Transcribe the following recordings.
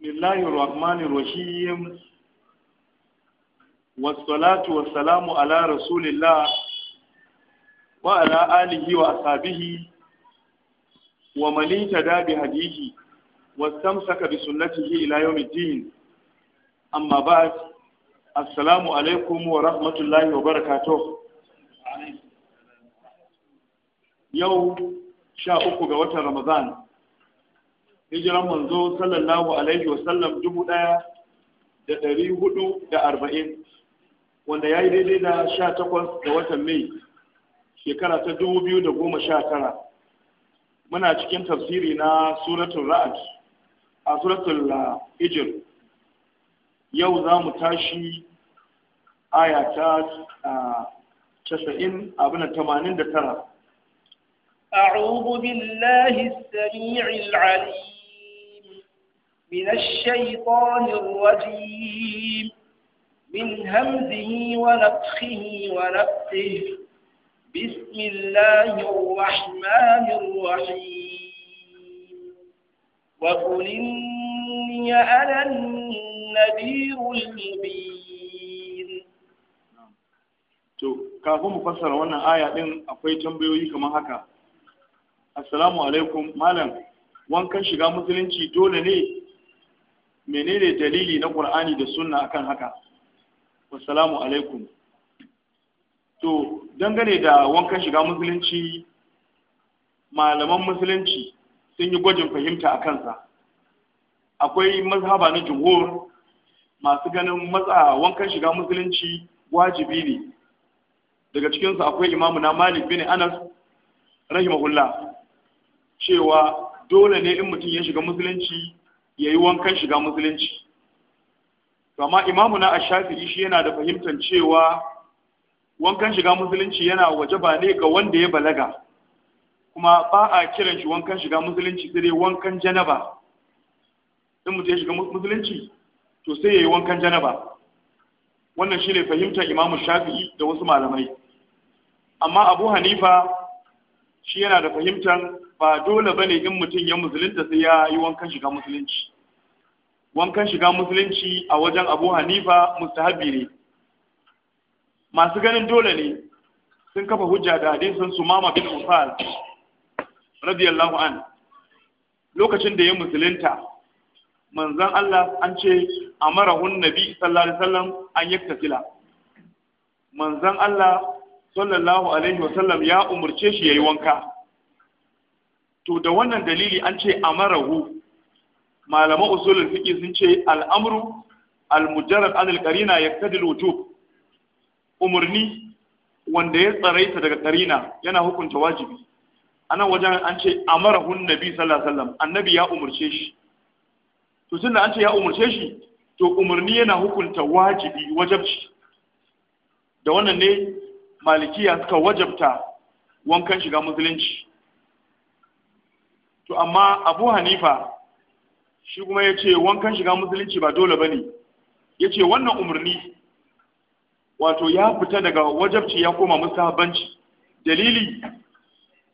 بسم الله الرحمن الرحيم والصلاة والسلام على رسول الله وعلى آله وأصحابه ومن اهتدى بهديه واستمسك بسنته إلى يوم الدين أما بعد السلام عليكم ورحمة الله وبركاته يوم شاء أكو رمضان hijiran manzo sallallahu alaihi wa sallam dubu ɗaya da ɗari hudu da arba'in wanda ya yi daidai da sha takwas da watan mai shekara ta dubu biyu da goma sha tara muna cikin tafsiri na suratul ra'ad a suratul ah, hijir yau za mu tashi aya ta ah, casa'in abin tamanin da tara أعوذ بالله السميع العليم من الشيطان الرجيم من همزه ونفخه ونفخه بسم الله الرحمن الرحيم وقل إني أنا النذير المبين to kafin mu fassara wannan aya din akwai tambayoyi kamar haka assalamu alaikum malam wankan shiga musulunci dole ne menene dalili na qur'ani da sunna akan haka wassalamu alaikum to dangane da wankan shiga musulunci malaman musulunci sun yi gwajin fahimta a kansa akwai mazhaba na jumhur masu ganin matsa wankan shiga musulunci wajibi ne daga cikinsu akwai imamu na malik bin anas rahimahullah cewa dole ne in mutum ya shiga musulunci ya yi wankan shiga musulunci amma imamu na ashafi'i shi yana da fahimtar cewa wankan shiga musulunci yana waje ba ne ga wanda ya balaga kuma ba a kiran shi wankan shiga musulunci sai dai wankan janaba in mutum ya shiga musulunci to sai ya yi wankan janaba wannan shi ne fahimtar imamu shafi'i da wasu malamai amma abu hanifa shi yana da fahimtar ba dole bane in mutum ya musulunta sai ya yi wankan shiga musulunci wankan shiga musulunci a wajen abu hanifa mustahabi ne masu ganin dole ne sun kafa hujja da hadisin mama bin musal radiyallahu an lokacin da ya musulunta manzan Allah an ce amarahun nabi sallallahu alaihi wasallam an tafila. Manzan Allah sallallahu alaihi wasallam ya umurce shi ya yi wanka to da wannan dalili an ce amarahu malaman usulul fiqi sun ce al'amru al-mujarrad an al-qarina yaqtadi al-wujub umurni wanda ya tsaraita daga qarina yana hukunta wajibi anan wajen an ce amarahu nabi sallallahu alaihi wasallam annabi ya umurce shi to tunda an ce ya umurce shi to umurni yana hukunta wajibi wajabci da wannan ne malikiya suka wajabta wankan shiga musulunci to amma abu hanifa shi kuma ya ce wankan shiga musulunci ba dole ba ne ya ce wannan umarni wato ya fita daga wajabci ya koma musahabanci dalili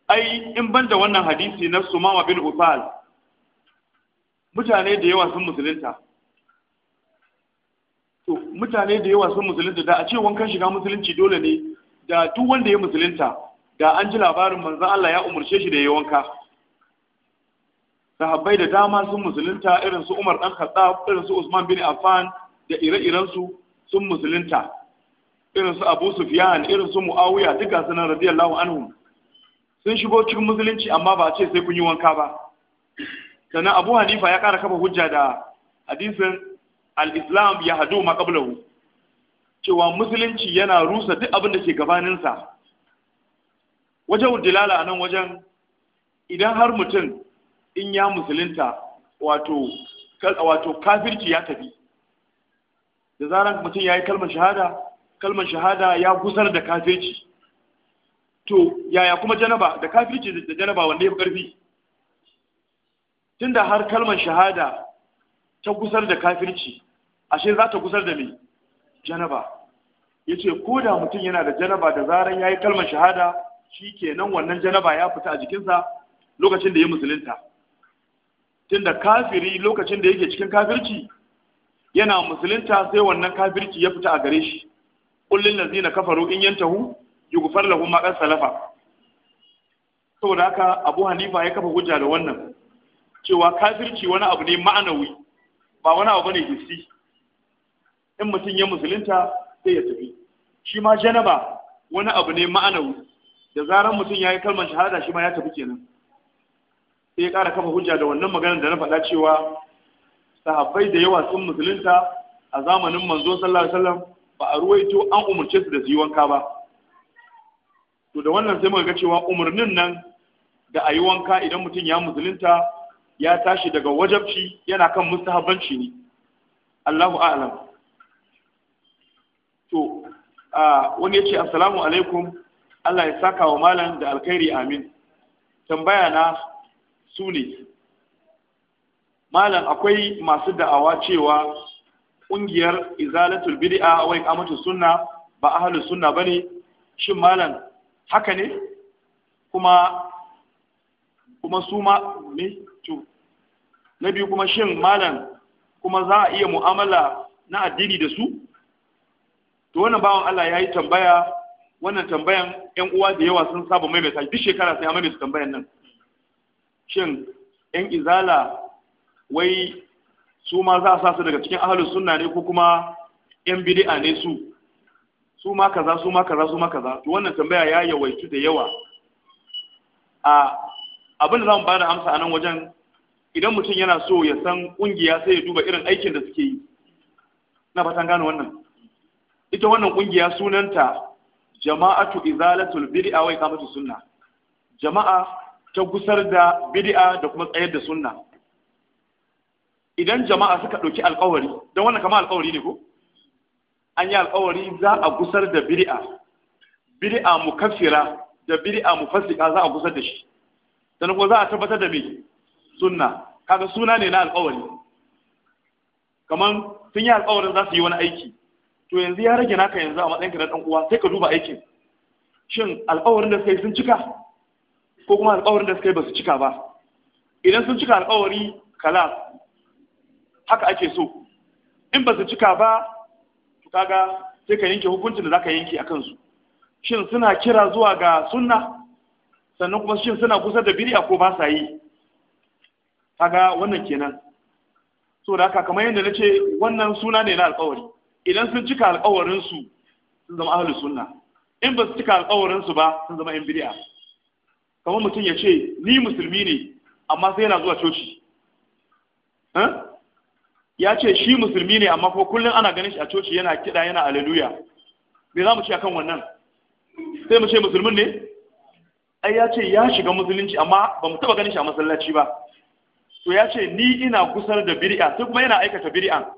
ai in ban da wannan hadisi na sumama bin usal mutane da yawa sun musulunta to mutane da yawa sun musulunta da a ce wankan shiga musulunci dole ne da duk wanda ya musulunta da an ji labarin manzon Allah ya umarce shi da ya wanka sahabbai da dama sun musulunta irin su Umar dan Khattab irin su Usman bin Affan da ire-iren su sun musulunta irin su Abu Sufyan irin su Muawiya duka sun radiyallahu anhu. sun shigo cikin musulunci amma ba a ce sai kun yi wanka ba sannan Abu Hanifa ya kara kafa hujja da hadisin al-Islam ya hadu ma qablahu cewa musulunci yana rusa duk abin da ke gabaninsa wajen dilala anan wajen idan har mutum in ya musulunta wato wato kafirci ya tafi da zaran mutum ya yi kalmar shahada kalmar shahada ya gusar da kafirci to yaya kuma janaba da kafirci da janaba wanda ya fi ƙarfi tunda har kalmar shahada ta gusar da kafirci ashe za ta gusar da mai janaba ya ce ko da mutum yana da janaba da zaran ya yi kalmar shahada shi kenan wannan janaba ya fita a jikinsa lokacin da ya musulunta tunda kafiri lokacin da yake cikin kafirci yana musulunta sai wannan kafirci ya fita a gare shi kullin lazina kafaru in yantahu yughfar lahum ma lafa. Sau saboda haka Abu Hanifa ya kafa hujja da wannan cewa kafirci wani abu ne ma'anawi ba wani abu ne hissi in mutum ya musulunta sai ya tafi shi ma janaba wani abu ne ma'anawi da zarar mutum ya yi kalmar shahada shi ma ya tafi kenan sai ya ƙara kafa hujja da wannan maganar da na faɗa cewa sahabbai da yawa sun musulunta a zamanin manzo sallallahu alaihi wasallam ba a ruwaito an umarce su da su yi wanka ba to da wannan sai muka ga cewa umarnin nan da a yi wanka idan mutum ya musulunta ya tashi daga wajabci yana kan mustahabbanci ne Allahu a'lam to a wani yace assalamu alaikum Allah ya saka wa malam da alkhairi amin tambaya na su ne malam akwai masu da'awa cewa ƙungiyar izalatul bid'a wai kamatu sunna ba ahlus sunna bane shin malam haka ne kuma kuma su ma ne to na biyu kuma shin malam kuma za a iya mu'amala na addini da su to wannan bawan Allah ya yi tambaya wannan tambayan yan uwa da yawa sun saba maimaita duk shekara sai amma maimaita tambayan nan shin yan izala wai su ma za a sa su daga cikin ahalus suna ne ko kuma yan bidi’a ne su su ma kaza su ma kaza su ma kaza to wannan tambaya ya yawaitu da yawa a abin da zan ba da amsa a nan wajen idan mutum yana so ya san kungiya sai ya duba irin aikin da suke yi na fatan gano wannan ita wannan kungiya sunanta jama'atu izalatul bid'a wa Kamatu sunna jama'a ta gusar da bid'a da kuma tsayar da sunna idan jama'a suka ɗauki alƙawari, don wannan kamar alƙawari ne ko an yi alƙawari za a gusar da bid'a bid'a mukaffira da bid'a mufassika za a gusar da shi dan ko za a tabbatar da me sunna kaga suna ne na alƙawari. kaman sun yi alƙawarin za su yi wani aiki to yanzu ya rage naka yanzu a matsayinka na dan uwa sai ka duba aikin shin alƙawarin da suka yi sun cika ko kuma alƙawarin da suka yi ba su cika ba idan sun cika alƙawari kala haka ake so in ba su cika ba to kaga sai ka yanke hukuncin da zaka yanke akan su shin suna kira zuwa ga sunna sannan kuma shin suna kusa da bid'a ko ba sa yi kaga wannan kenan so da haka kamar yadda nace wannan suna ne na alƙawari idan sun cika alƙawarin su sun zama ahlus sunna in ba su cika alƙawarin su ba sun zama yan bid'a kamar mutum ya ce ni musulmi ne amma sai yana zuwa coci ya ce shi musulmi ne amma ko kullum ana ganin shi a coci yana kiɗa yana aleluya me za mu ce akan wannan sai mu ce musulmin ne ai ya ce ya shiga musulunci amma ba mu taɓa ganin shi a masallaci ba to ya ce ni ina kusar da biri'a sai kuma yana aikata biri'a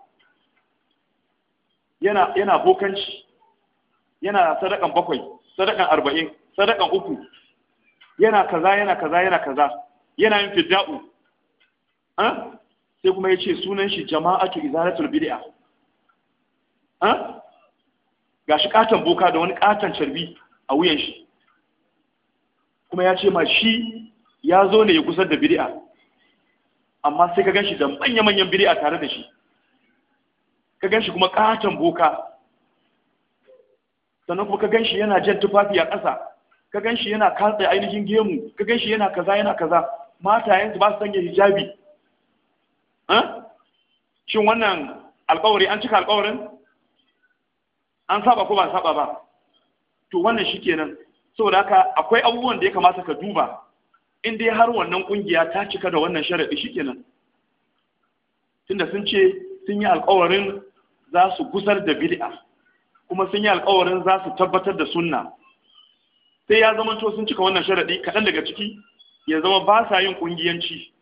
yana yana bokanci yana sadakan bakwai sadakan arba'in sadakan uku yana kaza yana kaza yana kaza yana yin fidda'u sai kuma ya ce sunan shi jama'atu izalatul bid'a ga shi katan boka da wani katan carbi a wuyan shi kuma ya ce ma shi ya zo ne ya kusar da bid'a amma sai ka ganshi da manya-manyan bid'a tare da shi ka ganshi kuma katan boka sannan kuma ka ganshi yana jan tufafi a ƙasa ka gan shi yana katse ainihin gemu ka gan shi yana kaza yana kaza Mata yanzu ba su sanya hijabi shin wannan alkawari an cika alkawarin an saba ko ba saba ba to wannan shi kenan saboda haka akwai abubuwan da ya kamata ka duba in dai har wannan ƙungiya ta cika da wannan sharaɗi shi kenan tunda sun ce sun yi alkawarin za su gusar da bid'a kuma sun yi alkawarin za su tabbatar da sunna sai ya zama sun cika wannan sharaɗi kaɗan daga ciki ya zama ba sa yin ƙungiyanci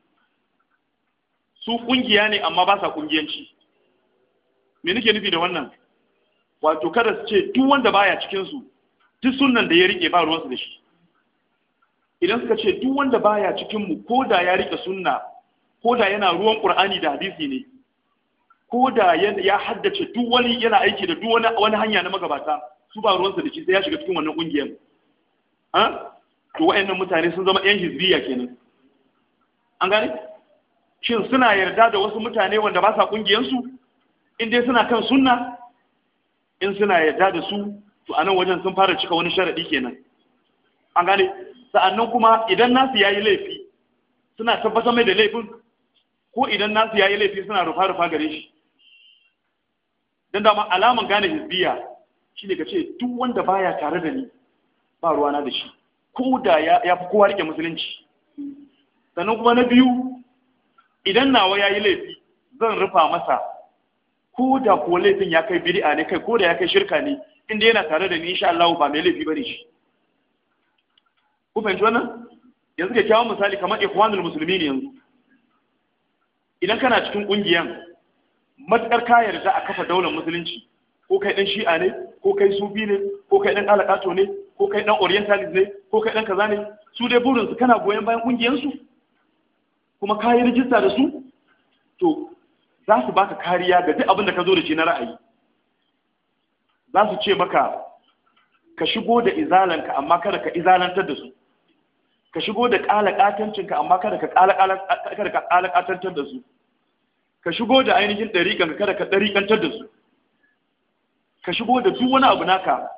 su ƙungiya ne amma ba sa ƙungiyanci me nake nufi da wannan wato kada su ce duk wanda baya cikin su duk sunnan da ya rike ba ruwansu da shi idan suka ce duk wanda baya cikin mu ko da ya rike sunna ko da yana ruwan qur'ani da hadisi ne ko da ya haddace duk wani yana aiki da duk wani wani hanya na magabata su ba ruwansu da shi sai ya shiga cikin wannan kungiyar ha to wayannan mutane sun zama yan hizbiya kenan an gane shin suna yarda da wasu mutane wanda ba sa kungiyansu in dai suna kan sunna in suna yarda da su to a nan wajen sun fara cika wani sharaɗi kenan an gane sa'annan kuma idan nasu yayi laifi suna tabbatar mai da laifin ko idan nasu yayi laifi suna rufa rufa gare shi dan ma alaman gane hizbiya shine ka ce duk wanda baya tare da ni ba ruwana da shi ko da ya fi kowa rike musulunci sannan kuma na biyu idan nawa ya yi laifi zan rufa masa ko da kuwa laifin ya kai bid'a ne kai ko da ya kai shirka ne inda yana tare da ni insha Allah ba mai laifi bane shi ku fahimci wannan yanzu ke kyawun misali kamar ikhwanul musulmi yanzu idan kana cikin kungiyan matakar ka yarda a kafa daular musulunci ko kai dan shi'a ne ko kai sufi ne ko kai dan alaqato ne ko kai dan orientalist ne ko kai dan kaza ne su dai burin su kana goyon bayan kungiyar su kuma ka yi rijista da su to za su baka kariya ga duk abin da ka zo da shi na ra'ayi za su ce maka ka shigo da izalanka amma kada ka izalantar da su ka shigo da ƙalaƙatancinka amma kada ka ƙalaƙatantar da su ka shigo da ainihin ɗariƙanka kada ka dariƙantar da su ka shigo da duk wani abu naka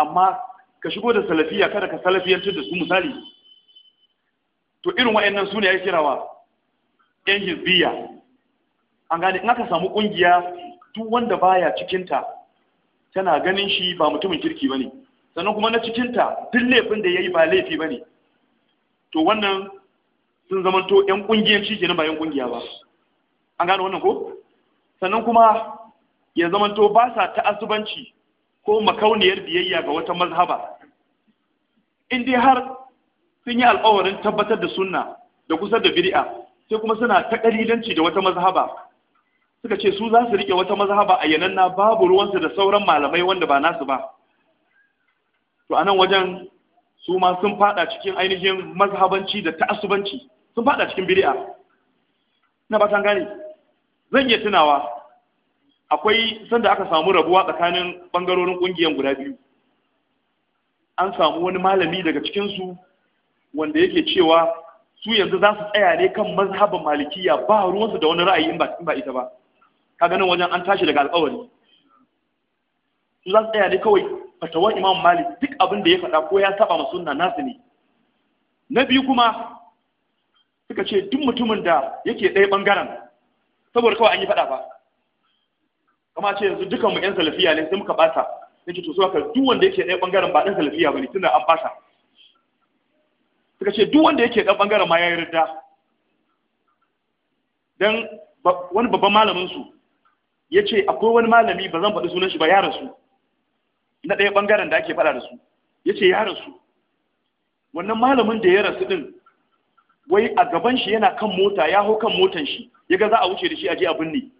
amma ka shigo da salafiya kada ka salafiyantar da su misali to irin wa'annan su ne ya kirawa yan hizbiya an gane in aka samu kungiya duk wanda baya cikinta tana ganin shi ba mutumin kirki bane sannan kuma na cikinta duk laifin da yayi ba laifi bane to wannan sun zamanto yan kungiyanci kenan ba yan kungiya ba an gane wannan ko sannan kuma ya to ba sa ta'assubanci ko makauniyar biyayya ga wata mazhaba in dai har sun yi alƙawarin tabbatar da sunna da kusa da bid'a sai kuma suna ta ƙalilanci da wata mazhaba suka ce su za su rike wata mazhaba a na babu ruwansu da sauran malamai wanda ba nasu ba to anan wajen su ma sun fada cikin ainihin mazhabanci da ta'assubanci sun fada cikin bid'a na ba tan gane zan iya tunawa akwai sanda aka samu rabuwa tsakanin bangarorin kungiyan guda biyu an samu wani malami daga cikinsu wanda yake cewa su yanzu za su tsaya ne kan mazhaban malikiya ba ruwansu da wani ra'ayi in ba ita ba ka ganin wajen an tashi daga alƙawari su za su tsaya ne kawai fatawan imam malik duk abin da ya faɗa ko ya saba ma sunna nasu ne na biyu kuma suka ce duk mutumin da yake ɗaya ɓangaren saboda kawai an yi faɗa ba kama ce yanzu dukanmu yan salafiya ne sai muka bata nake to so ka duk wanda yake ɗaya bangaren ba ɗan salafiya bane tunda an bata suka ce duk wanda yake ɗan bangaren ma yayi ridda dan wani babban malamin su yace akwai wani malami ba zan faɗi sunan shi ba ya rasu na ɗaya bangaren da ake faɗa da su yace ya rasu wannan malamin da ya rasu din wai a gaban shi yana kan mota ya hau kan motan shi ya ga za a wuce da shi a je a binne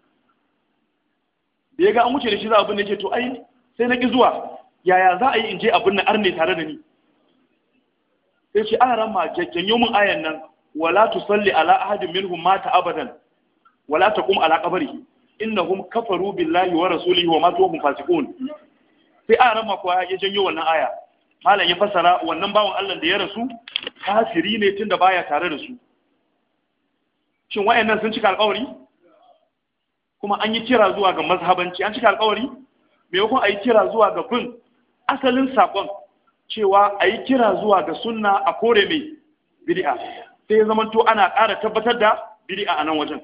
da ya ga an wuce da shi za abin da ke to ai sai na ƙi zuwa yaya za a yi in je abin na arne tare da ni sai ce an rama janyo min ayan nan wala tu salli ala ahadin minhum mata abadan wala ta kuma ala qabrihi innahum kafaru billahi wa rasulihi wa matu hum fasiqun sai an rama kuwa ya janyo wannan aya malam ya fassara wannan bawan Allah da ya rasu kafiri ne tunda baya tare da su shin wayannan sun cika alƙawari kuma an yi kira zuwa ga mazhabanci an cika alkawari maimakon a yi kira zuwa ga bin asalin saƙon cewa a yi kira zuwa ga sunna a kore mai bid'a sai ya zamanto ana ƙara tabbatar da bid'a a nan wajen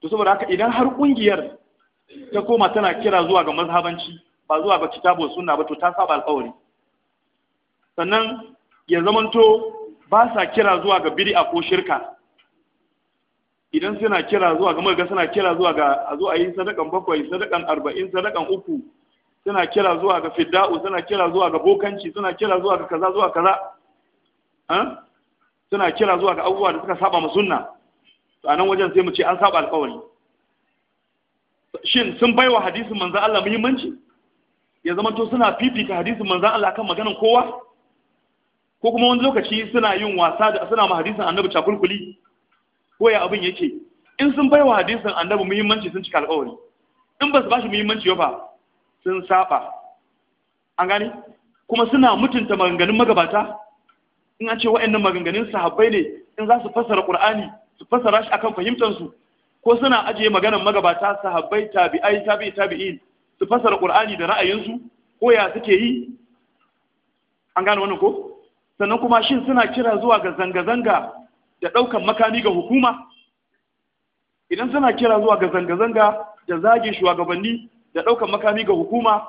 to saboda haka idan har ƙungiyar ta koma tana kira zuwa ga mazhabanci ba zuwa ga kitabu sunna ba to ta saba alkawari sannan ya zamanto ba sa kira zuwa ga bid'a ko shirka idan suna kira zuwa ga ga suna kira zuwa ga a zo a yi sadakan bakwai sadakan arba'in sadakan uku suna kira zuwa ga fidda'u suna kira zuwa ga bokanci suna kira zuwa ga kaza zuwa kaza suna kira zuwa ga abubuwa da suka saba ma sunna to anan wajen sai mu ce an saba alƙawari shin sun baiwa hadisin manzo Allah muhimmanci ya zama to suna fifita hadisin manzo Allah kan maganar kowa ko kuma wani lokaci suna yin wasa da suna ma hadisin annabi cakulkuli Koya abin yake in sun bai wa hadisin annabi muhimmanci sun cika alƙawari in ba su ba shi muhimmanci ba sun saba an gani kuma suna mutunta maganganun magabata in an ce wa'annan maganganun sahabbai ne in za su fassara qur'ani su fassara shi akan fahimtar su ko suna ajiye maganar magabata sahabbai tabi'ai tabi'i tabi'in su fassara qur'ani da ra'ayinsu ko ya suke yi an gane wannan ko sannan kuma shin suna kira zuwa ga zanga-zanga da ɗaukan makami ga hukuma idan suna kira zuwa ga zanga-zanga da zage shugabanni da ɗaukan makami ga hukuma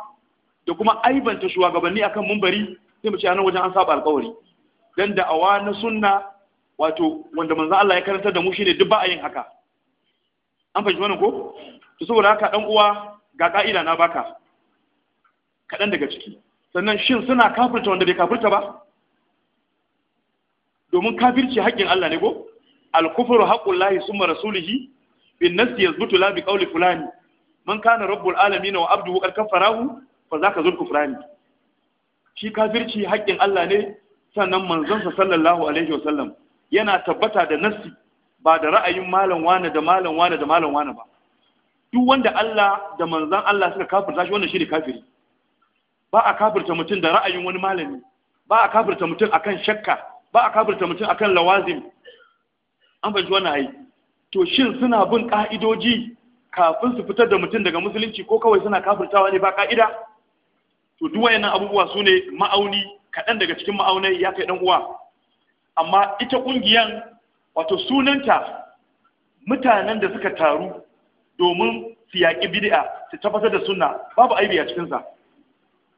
da kuma aibanta shugabanni akan mumbari sai mu ce a nan wajen an saba alƙawari dan da awa na sunna wato wanda manzo Allah ya karanta da mu shine duk ba yin haka an fahimci wannan ko to saboda haka dan uwa ga ka'ida na baka kaɗan daga ciki sannan shin suna kafirta wanda bai kafirta ba domin kafirci haƙƙin Allah ne ko al-kufru haqqullahi summa rasulihi bin nasi yazbutu la bi qawli fulani man kana rabbul alamin wa abduhu qad kafarahu fa zaka ku fulani shi kafirci haƙƙin Allah ne sannan manzon sa sallallahu alaihi wa sallam yana tabbata da nasi ba da ra'ayin malam wane da malam wane da malam wane ba duk wanda Allah da manzon Allah suka kafirta shi wannan shi ne kafiri ba a kafirta mutum da ra'ayin wani malami ba a kafirta mutum akan shakka ba a kafirta mutum akan lawazim an fahimci na ai to shin suna bin ka'idoji kafin su fitar da mutum daga musulunci ko kawai suna kafirtawa ne ba ka'ida to duk wayannan abubuwa su ne ma'auni kaɗan daga cikin ma'aunai ya kai uwa amma ita ƙungiyan wato sunanta mutanen da suka taru domin su yaƙi bid'a su tabbatar da sunna babu aibi a cikinsa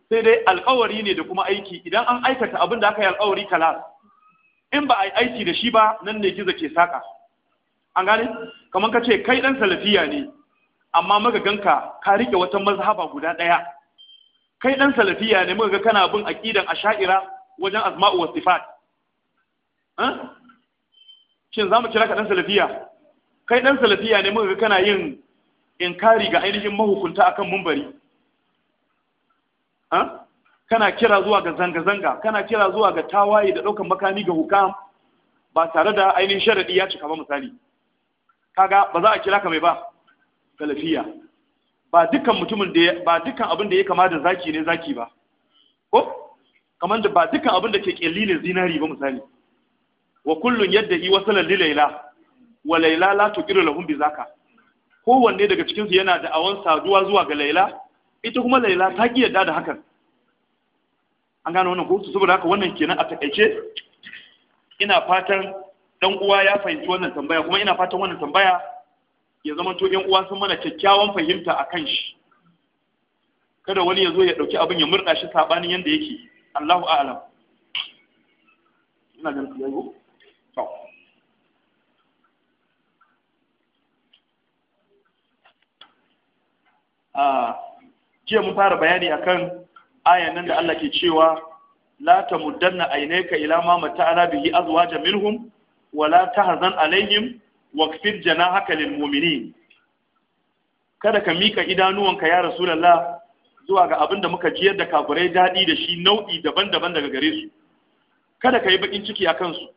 sai dai alƙawari ne da kuma aiki idan an aikata abin da aka yi alƙawari kalas in ba a yi aiki da shi ba nan ne gizo ke saka an gane kamar ka ce kai dan salafiya ne amma muka ganka ka rike wata mazhaba guda daya kai dan salafiya ne muka ga kana bin aqidan asha'ira wajen asma'u wa sifat shin mu kira ka dan salafiya kai dan salafiya ne muka ga kana yin inkari ga ainihin mahukunta akan mumbari kana kira zuwa ga zanga-zanga kana kira zuwa ga tawaye da ɗaukan makami ga hukam ba tare da ainihin sharaɗi ya cika ba misali kaga ba za a kira ka mai ba Talafiya. ba dukkan mutumin da ba dukkan abin da ya kama da zaki ne zaki ba ko kamar da ba dukkan abin da ke kelli ne zinari ba misali wa kullun yadda yi wasala lilaila wa laila la tuqiru lahum bizaka kowanne daga cikin su yana da awan saduwa zuwa ga laila ita kuma laila ta ki da hakan an gano wannan ko saboda haka wannan kenan a takaice ina fatan dan uwa ya fahimci wannan tambaya kuma ina fatan wannan tambaya ya zama to yan uwa sun mana kyakkyawan fahimta akan shi kada wani ya zo ya dauki abin ya murda shi sabanin yanda yake Allahu a'lam ina ganin yayi to ah jiya mun fara bayani akan ayan nan da Allah ke cewa la tamuddanna aynaka ila ma mata'ala bihi azwaja minhum wa la tahzan alaihim waqfir janahaka lil mu'minin kada ka mika idanuwanka ya rasulullah zuwa ga abin da muka jiyar da kafurai dadi da shi nau'i daban-daban daga gare su kada ka yi bakin ciki a kansu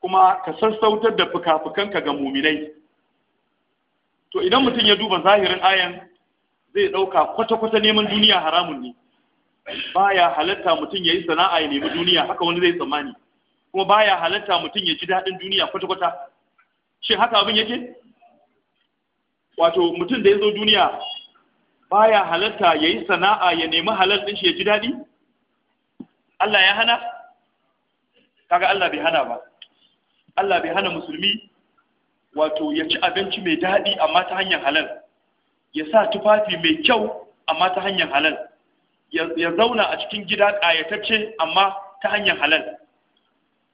kuma ka sassautar da fuka ga muminai to idan mutum ya duba zahirin ayan zai ɗauka kwata-kwata neman duniya haramun ne Ba ya halatta mutum ya yi sana'a ya nemi duniya haka wani zai tsammani kuma ya halatta mutum ya ji daɗin duniya kwata-kwata shin haka abin yake wato mutum da ya zo duniya ba ya halatta ya yi sana'a ya nemi halal ɗin shi ya ji daɗi Allah ya hana kaga Allah bai hana ba Allah bai hana musulmi wato ya ci abinci mai daɗi amma ta hanyar halal ya sa tufafi mai kyau amma ta hanyar halal ya zauna a cikin gida ƙayatacce amma ta hanyar halal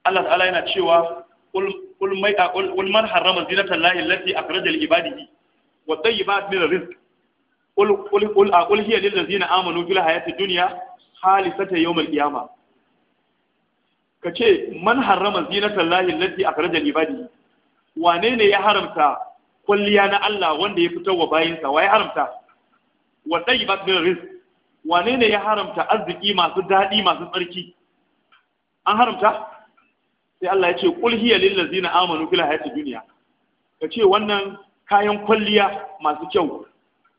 Allah ta'ala yana cewa qul man harama zinata llahi allati akhraja li ibadihi wa tayyibat min rizq aqul hiya lil ladzina amanu fil hayati dunya khalisata yawm al kace man akhraja ibadihi wane ne ya haramta kwalliya na Allah wanda ya fitar wa bayinsa wa ya haramta wa tayyibat min rizq wane ne ya haramta arziki masu daɗi masu tsarki an haramta sai Allah ya ce kulhiya hiya zina ladzina amanu fil hayati dunya ka ce wannan kayan kwalliya masu kyau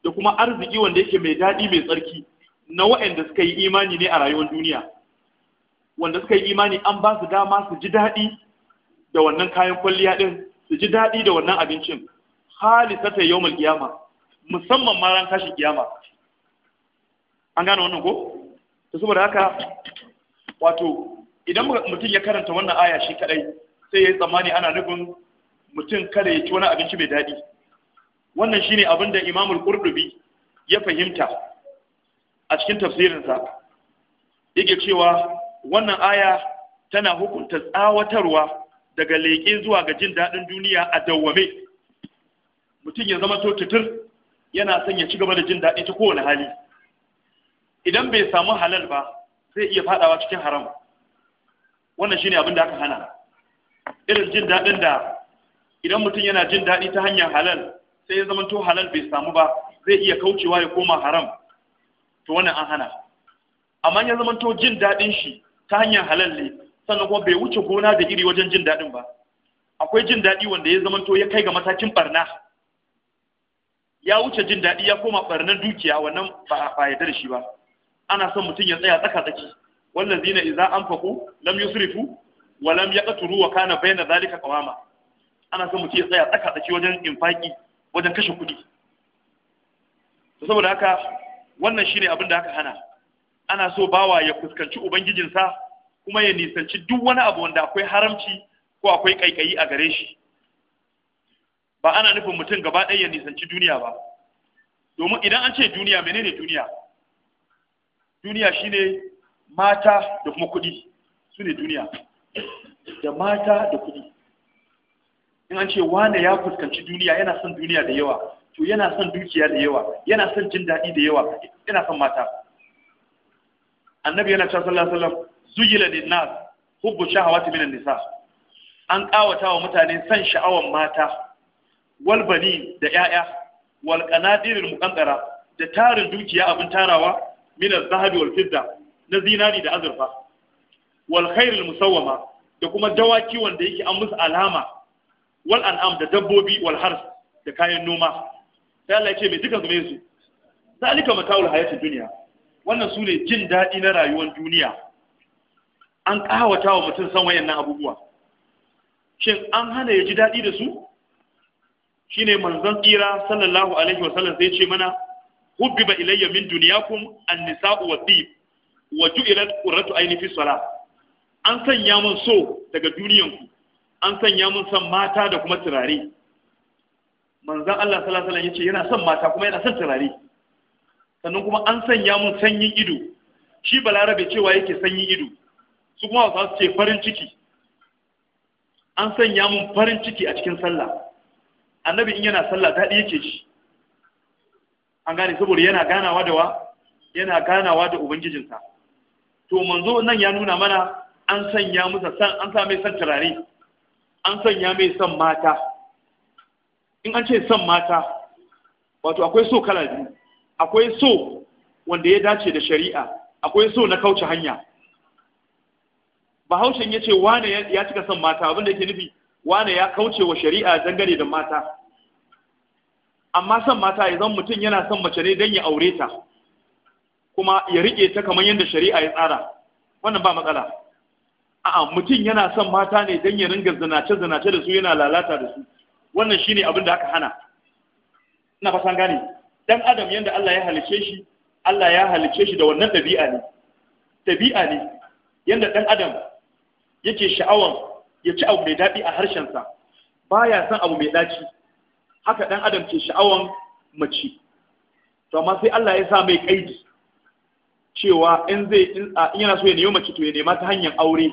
da kuma arziki wanda yake mai daɗi mai tsarki na waɗanda suka yi imani ne a rayuwar duniya wanda suka yi imani an ba su dama su ji daɗi da wannan kayan kwalliya ɗin su ji daɗi da wannan abincin halisata yawmul kiyama musamman ma ran tashi kiyama an gane wannan ko to saboda haka wato idan mutum ya karanta wannan aya shi kadai sai ya yi tsammani ana nufin mutum kada ya ci wani abinci mai daɗi wannan shine abin da imamul qurdubi ya fahimta a cikin tafsirinsa yake cewa wannan aya tana hukunta tsawatarwa daga leƙe zuwa ga jin daɗin duniya a dawwame mutum ya zama to tutur yana son ya ci gaba da jin daɗi ta kowane hali idan bai samu halal ba zai iya fadawa cikin haram wannan shine abin da aka hana irin jin daɗin da idan mutum yana jin daɗi ta hanyar halal sai ya zama to halal bai samu ba zai iya kaucewa ya koma haram to wannan an hana amma ya zama to jin daɗin shi ta hanyar halal ne sannan kuma bai wuce gona da iri wajen jin daɗin ba akwai jin daɗi wanda ya zama to ya kai ga matakin barna ya wuce jin daɗi ya koma barnar dukiya wannan ba a fayyadar shi ba ana son mutum ya tsaya tsaka tsaki wannan zina iza an faku lam yusrifu wa lam yaqturu wa kana bayna zalika qawama ana son mutum ya tsaya tsaka tsaki wajen infaki wajen kashe kudi to saboda haka wannan shine abin da aka hana ana so bawa ya fuskanci ubangijinsa kuma ya nisanci duk wani abu wanda akwai haramci ko akwai kaikayi a gare shi ba ana nufin mutum gaba ɗaya ya nisanci duniya ba domin idan an ce duniya menene duniya duniya shine mata da kuma kuɗi su ne duniya da mata da kuɗi in an ce wane ya fuskanci duniya yana son duniya da yawa to yana son dukiya da yawa yana son jin daɗi da yawa yana son mata annabi yana cewa sallallahu alaihi wasallam zuyila linnas hubbu shahawati minan nisa an kawata wa mutane son sha'awan mata wal bani da 'ya'ya wal qanadirul muqaddara da tarin dukiya abin tarawa min az-zahabi wal fidda na zinari da azurfa wal Musawama, al musawwama da kuma dawaki wanda yake an musu alama wal an'am da dabbobi wal hars da kayan noma sai Allah ya ce me duka game su zalika mata'ul hayatid dunya wannan su ne jin daɗi na rayuwar duniya an ƙawata wa mutum san wayannan abubuwa shin an hana ya ji daɗi da su shine manzon tsira sallallahu alaihi wasallam sai ce mana hubbiba ilayya من دنياكم النساء nisau wa dhib عيني في qurratu ayni fi an sanya mun so daga duniyanku an sanya mun san mata da kuma turare manzon Allah sallallahu alaihi wasallam yace yana son mata kuma yana son turare sannan kuma an sanya mun sanyin ido shi balarabe cewa yake sanyin ido su kuma wasu ce farin ciki an sanya mun farin ciki a cikin sallah annabi in yana sallah daɗi yake shi an gane saboda yana ganawa da wa yana ganawa da ubangijinsa to manzo nan ya nuna mana an sanya masa san an sa mai san turare an sanya mai san mata in an ce san mata wato akwai so kala biyu akwai so wanda ya dace da shari'a akwai so na kauce hanya bahaushen ya ce wane ya cika son mata abin da yake nufi wane ya kauce wa shari'a dangane da mata amma son mata ya mutum yana son mace ne don ya aure ta kuma ya riƙe ta kamar yadda shari'a ya tsara wannan ba matsala a'a mutum yana son mata ne don ya ringa zinace zinace da su yana lalata da su wannan shine abin da aka hana ina fatan gane dan adam yadda Allah ya halice shi Allah ya halice shi da wannan ɗabi'a ne ɗabi'a ne yadda dan adam yake sha'awan ya ci abu mai daɗi a harshen harshensa baya son abu mai ɗaci haka ɗan adam ke sha'awan mace to amma sai Allah ya sa mai kaidi cewa in zai in yana so ya nemi mace to ya nema ta hanyar aure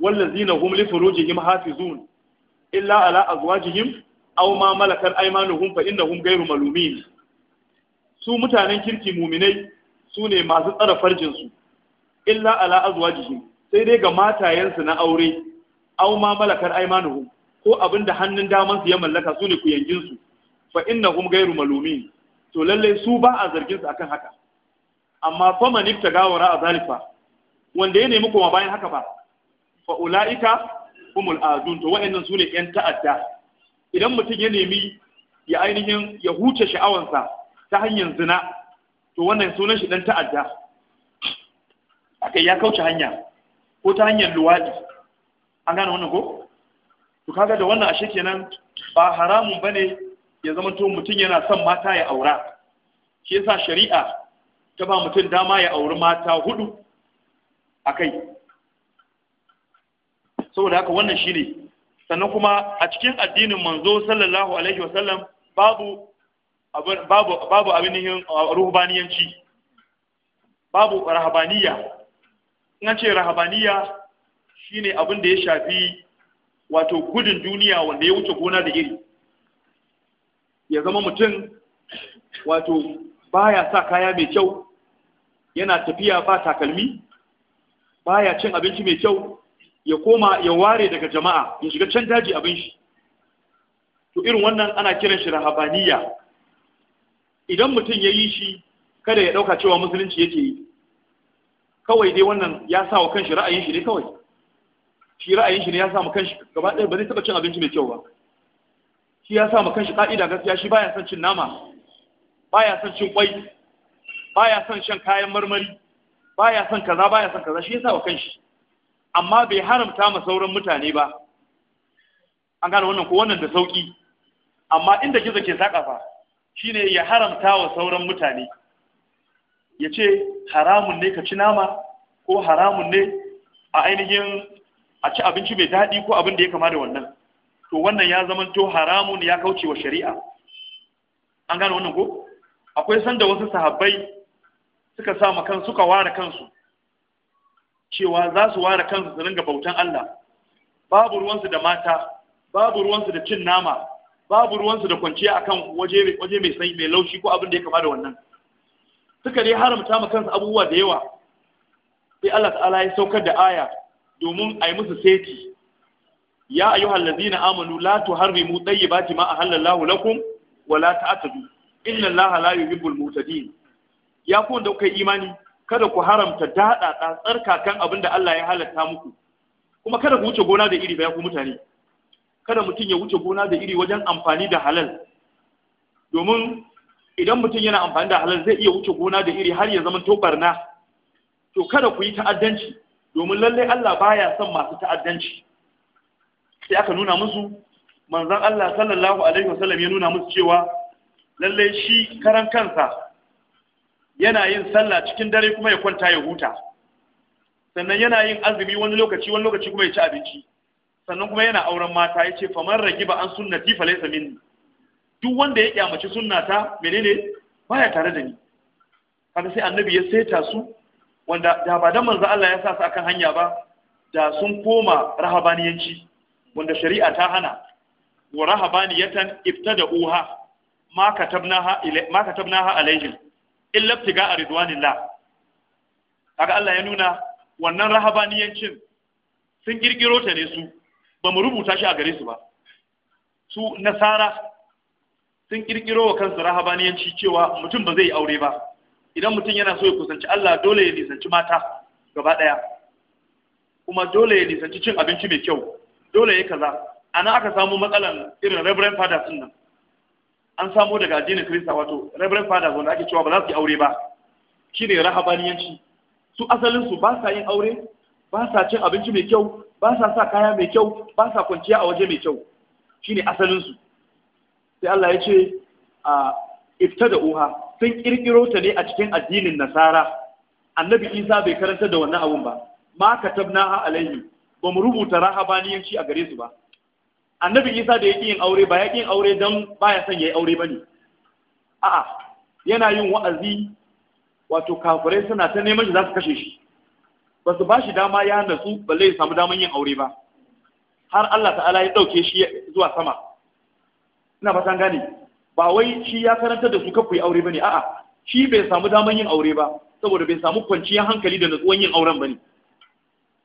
wallazina hum li furujihim hafizun illa ala azwajihim aw ma malakat aymanuhum fa innahum ghayru malumin su mutanen kirki muminai su ne masu tsara farjin su illa ala azwajihim sai dai ga matayensu na aure aw ma malakat aymanuhum ko abin da hannun damansu ya mallaka su ne ku yangin su fa innahum ghairu malumin to lalle su ba a zargin su akan haka amma fa man ibtaga wara azalifa wanda ya nemi kuma bayan haka ba fa ulaika humul adun to wa'annan su ne yan ta'adda idan mutum ya nemi ya ainihin ya huce sha'awansa ta hanyar zina to wannan sunan shi dan ta'adda akai ya kauce hanya ko ta hanyar luwadi an gane wannan ko to kaga da wannan ashe kenan ba haramun bane ya zama to mutum yana son mata ya aura shi yasa shari'a ta ba mutum dama ya auri mata hudu akai kai saboda haka wannan shi ne sannan kuma a cikin addinin manzo sallallahu alaihi wasallam babu babu abinihin ruhubaniyanci babu rahabaniya in ce rahabaniya shine abin da ya shafi wato gudun duniya wanda ya wuce gona da iri ya zama mutum wato baya sa kaya mai kyau yana tafiya ba takalmi baya cin abinci mai kyau ya koma ya ware daga jama'a ya shiga can daji abin shi to irin wannan ana kiran shi rahabaniya idan mutum ya yi shi kada ya ɗauka cewa musulunci yake yi kawai dai wannan ya sa wa kanshi ra'ayin shi ne kawai shi ra'ayin shi ne ya sa mu kanshi gaba ɗaya ba zai taɓa cin abinci mai kyau ba shi ya sa mu kanshi ka'ida gaskiya shi baya son cin nama baya son cin kwai baya son shan kayan marmari baya son kaza baya son kaza shi ya sa wa kanshi amma bai haramta ma sauran mutane ba an gane wannan ko wannan da sauki amma inda gizo ke saka fa shine ya haramta wa sauran mutane ya ce haramun ne ka ci nama ko haramun ne a ainihin a ci abinci mai daɗi ko abin da ya kama da wannan to wannan ya zama to ne ya kauce wa shari'a an gane wannan ko akwai sanda wasu sahabbai suka sa ma kansu suka ware kansu cewa za su ware kansu su ringa bautan Allah babu ruwansu da mata babu ruwansu da cin nama babu ruwansu da kwanciya akan waje waje mai sanyi mai laushi ko abin da ya kama da wannan suka dai haramta ma kansu abubuwa da yawa sai Allah ta'ala ya saukar da aya domin a yi musu seti ya ayyuhal na amanu la tuharrimu tayyibati ma ahallallahu lakum wa la ta'tadu inna allaha la yuhibbul mu'tadin ya ku da kuka imani kada ku haramta tsarka kan abin abinda Allah ya halatta muku kuma kada ku wuce gona da iri ba ya ku mutane kada mutum ya wuce gona da iri wajen amfani da halal domin idan mutum yana amfani da halal zai iya wuce gona da iri har ya zama to barna to kada ku yi ta'addanci domin lallai Allah baya son masu ta'addanci sai aka nuna musu manzon Allah sallallahu alaihi wasallam ya nuna musu cewa lallai shi karan kansa yana yin sallah cikin dare kuma ya kwanta ya huta sannan yana yin azumi wani lokaci wani lokaci kuma ya ci abinci sannan kuma yana auren mata ya ce faman ragiba an sunnati fa laysa minni duk wanda ya kyamaci sunnata menene baya tare da ni kaga sai annabi ya saita su wanda da ba dan manzo Allah ya sa su akan hanya ba da sun koma rahabaniyanci wanda shari'a ta hana wa rahabaniyatan ibtada'uha ma katabnaha ila ma katabnaha alaihim illa ibtiga ridwanillah kaga Allah ya nuna wannan rahabaniyancin sun kirkiro ta ne su ba mu rubuta shi a gare su ba su nasara sun kirkiro wa kansu rahabaniyanci cewa mutum ba zai yi aure ba idan mutum yana so ya kusanci Allah dole ya nisanci mata gaba ɗaya kuma dole ya nisanci cin abinci mai kyau dole ya kaza ana aka samu matsalan irin reverend father sun nan an samu daga addinin Kirista wato reverend father wanda ake cewa ba za su yi aure ba ne rahabaniyanci su asalinsu ba sa yin aure ba sa cin abinci mai kyau ba sa sa kaya mai kyau ba sa kwanciya a waje mai kyau Shi ne asalinsu. sai Allah ya ce a ah, da uha sun kirkiro ta ne a cikin addinin nasara annabi isa bai karanta da wannan abun ba ma ha alaihi ba mu rubuta rahabaniyanci a gare su ba annabi isa da ya yin aure ba ya yin aure don baya son ya yi aure ba ne a'a yana yin wa'azi wato kafirai suna ta neman shi za su kashe shi ba su ba shi dama ya natsu balle ya samu daman yin aure ba har Allah ta'ala ya ɗauke shi zuwa sama ina fatan gane ba wai shi ya karanta da su kafa yi aure ba ne? a'a shi bai samu daman yin aure ba saboda bai samu kwanciyar hankali da natsuwan yin auren ba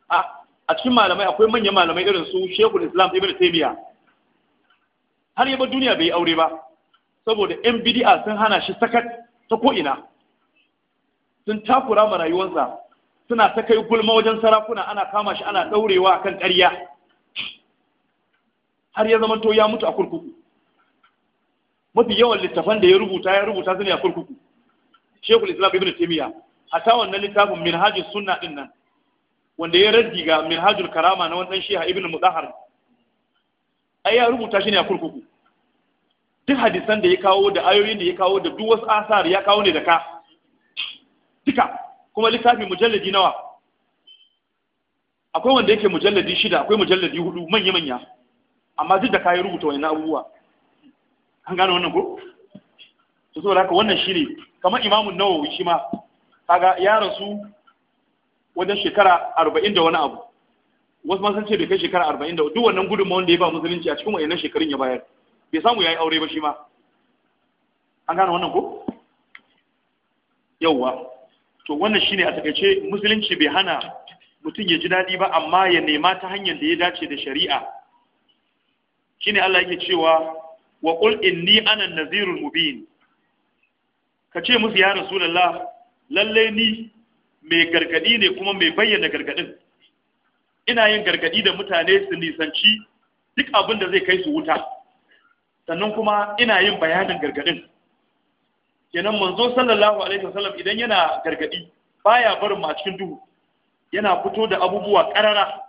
a a cikin malamai akwai manyan malamai irin su Sheikhul Islam Ibn Taymiyyah har yaba duniya bai aure ba saboda yan bidi'a sun hana shi sakat ta ko'ina. sun takura ma rayuwarsa suna ta kai gulma wajen sarakuna ana kama shi ana daurewa kan ƙarya har ya zama to ya mutu a kurkuku mafi yawan littafan da ya rubuta ya rubuta su ne a kurkuku shekul islam ibn a ta wannan littafin minhajin sunna din nan wanda ya raddi ga minhajul karama na wannan shiha ibn mudahhar ai ya rubuta shi ne a kurkuku duk hadisan da ya kawo da ayoyin da ya kawo da duk wasu asar ya kawo ne da ka duka kuma littafin mujalladi nawa akwai wanda yake mujalladi shida akwai mujalladi hudu manya-manya amma duk da ka yi rubuta wani abubuwa an gane wannan ko to saboda haka wannan shine kamar imamu nawawi shi ma kaga ya rasu wajen shekara 40 da wani abu wasu ma sun ce bai kai shekara 40 da duk wannan gudunmawar wanda ya ba musulunci a cikin wayannan shekarun ya bayar bai samu yayi aure ba shi ma an gane wannan ko yawwa to wannan shine a takaice musulunci bai hana mutum ya ji daɗi ba amma ya nema ta hanyar da ya dace da shari'a shine Allah yake cewa wa qul inni ana nazirul mubin ka ce musu ya rasulullah lalle ni mai gargadi ne kuma mai bayyana gargadin ina yin gargadi da mutane su nisanci duk abin da zai kai su wuta sannan kuma ina yin bayanin gargadin kenan manzo sallallahu alaihi wasallam idan yana gargadi baya barin mu a cikin duhu yana fito da abubuwa karara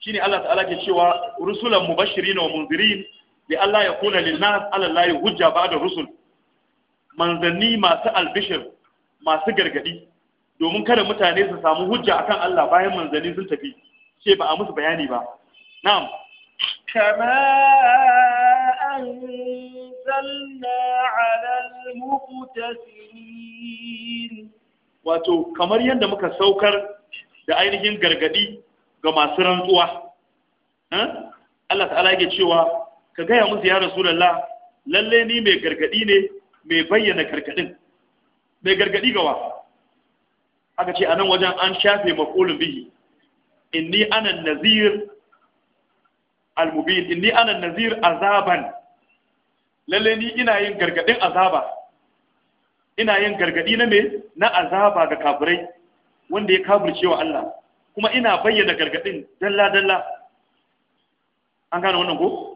shine Allah ta'ala ke cewa rusulan mubashirin wa munzirin li Allah ya kula lin nas ala Allah hujja ba'da rusul manzanni masu albishir masu gargadi domin kada mutane su samu hujja akan Allah bayan manzanni sun tafi ce ba a musu bayani ba na'am kama anzalna ala al-muqtasirin wato kamar yadda muka saukar da ainihin gargadi ga masu rantsuwa hmm? Allah ta'ala yake cewa ka gaya musu ya rasulullah lalle ni mai gargadi ne mai bayyana gargadin mai gargadi gawa aka ce anan wajen an shafe maqulun bihi inni ana nazir al-mubin inni ana nazir azaban lalle ni ina yin gargadin azaba ina yin gargadi na me na azaba ga kafirai wanda ya kafirce wa Allah kuma ina bayyana gargadin dalla dalla an gane wannan ko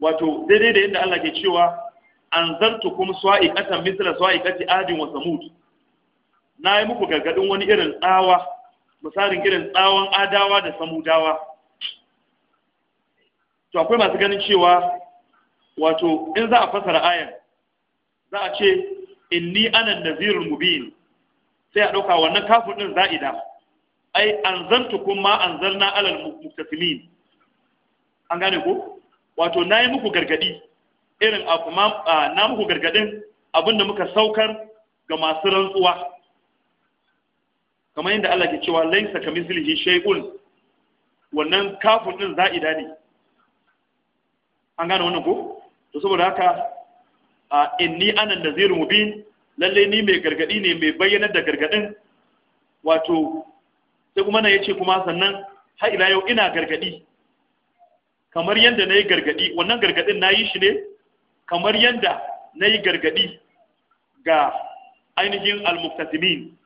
wato daidai da yadda Allah ke cewa an zartu kum sa'iqatan misla kati adin wa samud na yi muku gargadin wani irin tsawa misalin irin tsawon adawa da samudawa to akwai masu ganin cewa wato in za a fasara ayan za a ce inni ana nazirul mubin sai a ɗauka wannan kafin ɗin za'ida ai an zartu kuma an zarna alal muktasimin an gane ko wato na yi muku gargadi irin na muku gargadin abinda muka saukar ga masu rantsuwa kamar yadda Allah ke cewa laisa ka mislihi shay'un wannan kafin din za'ida ne an gane wannan ko to saboda haka inni anan nazirun bi, lalle ni mai gargadi ne mai bayyanar da gargadin wato sai kuma na yace kuma sannan har ila yau ina gargadi kamar yadda na yi gargaɗi wannan gargaɗin na yi shi ne kamar yadda na yi gargaɗi ga ainihin almuktasimin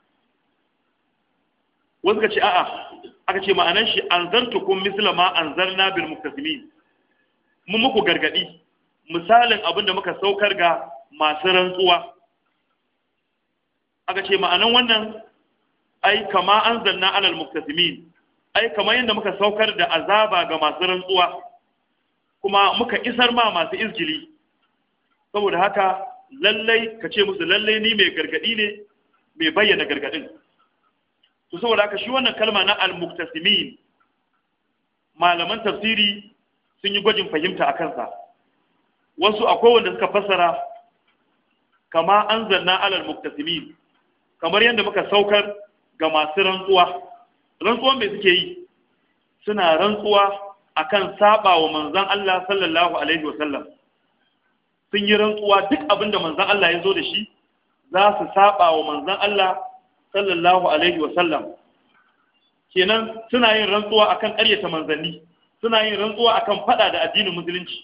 wasu ka ce a'a aka ce ma'anan shi an kun misila ma an zarna bil muktasimin mun muku gargaɗi misalin abin da muka saukar ga masu rantsuwa aka ce ma'anan wannan ai kama an zanna alal muktasimin ai kama yadda muka saukar da azaba ga masu rantsuwa kuma muka isar ma masu izgili saboda haka lallai ka ce musu lallai ni mai gargadi ne mai bayyana gargadin to saboda haka shi wannan kalma na al-muktasimin malaman tafsiri sun yi gwajin fahimta a kansa wasu akwai wanda suka fassara kama an zanna alal muktasimin kamar yadda muka saukar ga masu rantsuwa rantsuwan mai suke yi suna rantsuwa akan saba wa manzon Allah sallallahu alaihi wa sallam sun yi rantsuwa duk abin da manzon Allah ya zo da shi za su saba wa manzon Allah sallallahu alaihi wa sallam kenan suna yin rantsuwa akan ƙaryata manzanni suna yin rantsuwa akan fada da addinin musulunci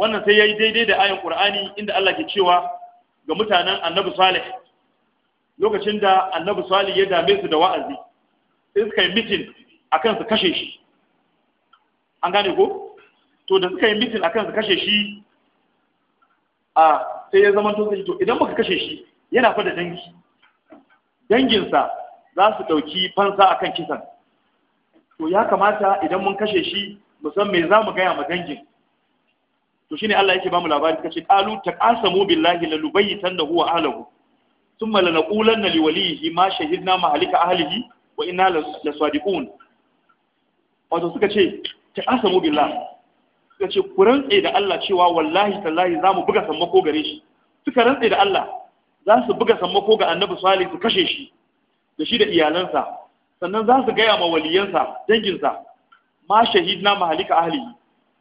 wannan sai yayi daidai da ayan Qur'ani inda Allah ke cewa ga mutanen Annabi Salih lokacin da Annabi Salih ya dame su da wa'azi sai suka yi mitin akan su kashe shi an gane ko to da suka yi mitin akan su kashe shi a sai ya zama to to idan baka kashe shi yana fada dangi danginsa za su dauki fansa akan kisan to ya kamata idan mun kashe shi musamman mai za mu gaya ma dangin to shine Allah yake ba mu labari kace qalu taqasamu billahi la lubaytan da wa ahlahu thumma la naqulanna li walihi ma shahidna mahalika ahlihi wa inna la sadiqun wato suka ce ta asamu billah suka ce ku rantse da Allah cewa wallahi tallahi zamu buga sammako gare shi suka rantse da Allah za su buga sammako ga annabi salih su kashe shi da shi da iyalansa sannan za su gaya ma waliyansa danginsa ma shahid na mahalika ahli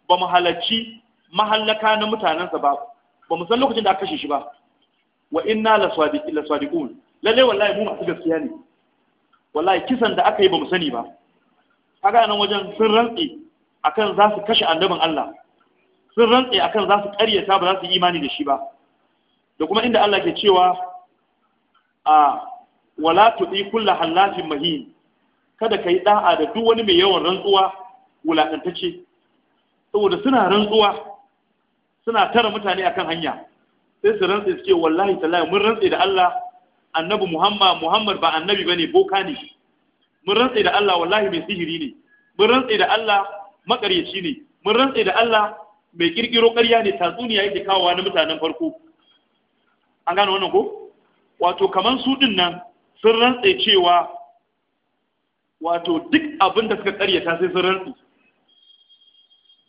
ba mu halarci mahallaka na mutanensa ba ba mu san lokacin da aka kashe shi ba wa inna la sadiqun lalle wallahi mu masu gaskiya ne wallahi kisan da aka yi ba mu sani ba kaga nan wajen sun rantse akan za su kashe annabin Allah sun rantse akan za su karyata ba za su yi imani da shi ba da kuma inda Allah ke cewa a wala tudi kullu hallafin mahin kada kai da'a da duk wani mai yawan rantsuwa wulakantace saboda suna rantsuwa suna tara mutane akan hanya sai su rantse suke wallahi tallahi mun rantse da Allah annabi Muhammad Muhammad ba annabi bane boka ne mun rantse da Allah wallahi mai sihiri ne mun rantse da Allah makaryaci ne mun rantse da Allah mai kirkiro ƙarya ne tatsuniya yake kawowa na mutanen farko an gane wannan ko wato kaman su din nan sun rantse cewa wato duk abin da suka ƙaryata sai sun rantse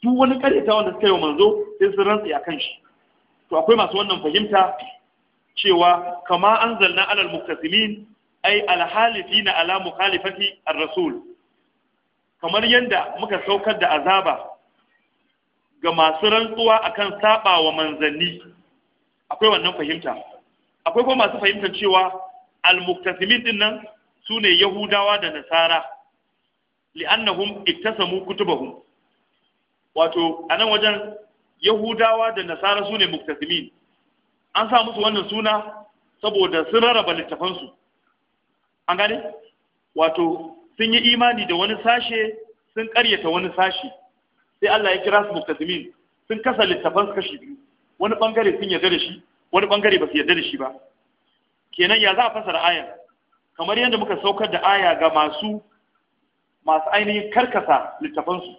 duk wani ƙaryata wanda suka yi wa manzo sai sun rantse a kan shi to akwai masu wannan fahimta cewa kama anzalna alal muktasimin ay alhalifina ala mukhalifati ar-rasul kamar yadda muka saukar da azaba ga masu rantsuwa akan saba wa manzanni akwai wannan fahimta akwai kuma masu fahimtar cewa al-muktasimin din nan sune yahudawa da nasara li'annahum ittasamu kutubahum wato anan wajen yahudawa da nasara sune muktasimin an sa musu wannan suna saboda sun rarraba littafansu an gane wato sun yi imani da wani sashe sun karyata wani sashe sai Allah ya kira su muktasimin sun kasa littafan su kashi biyu wani bangare sun yarda da shi wani bangare ba su yarda da shi ba kenan ya za a fasara aya kamar yadda muka saukar da aya ga masu masu ainihin karkasa littafan su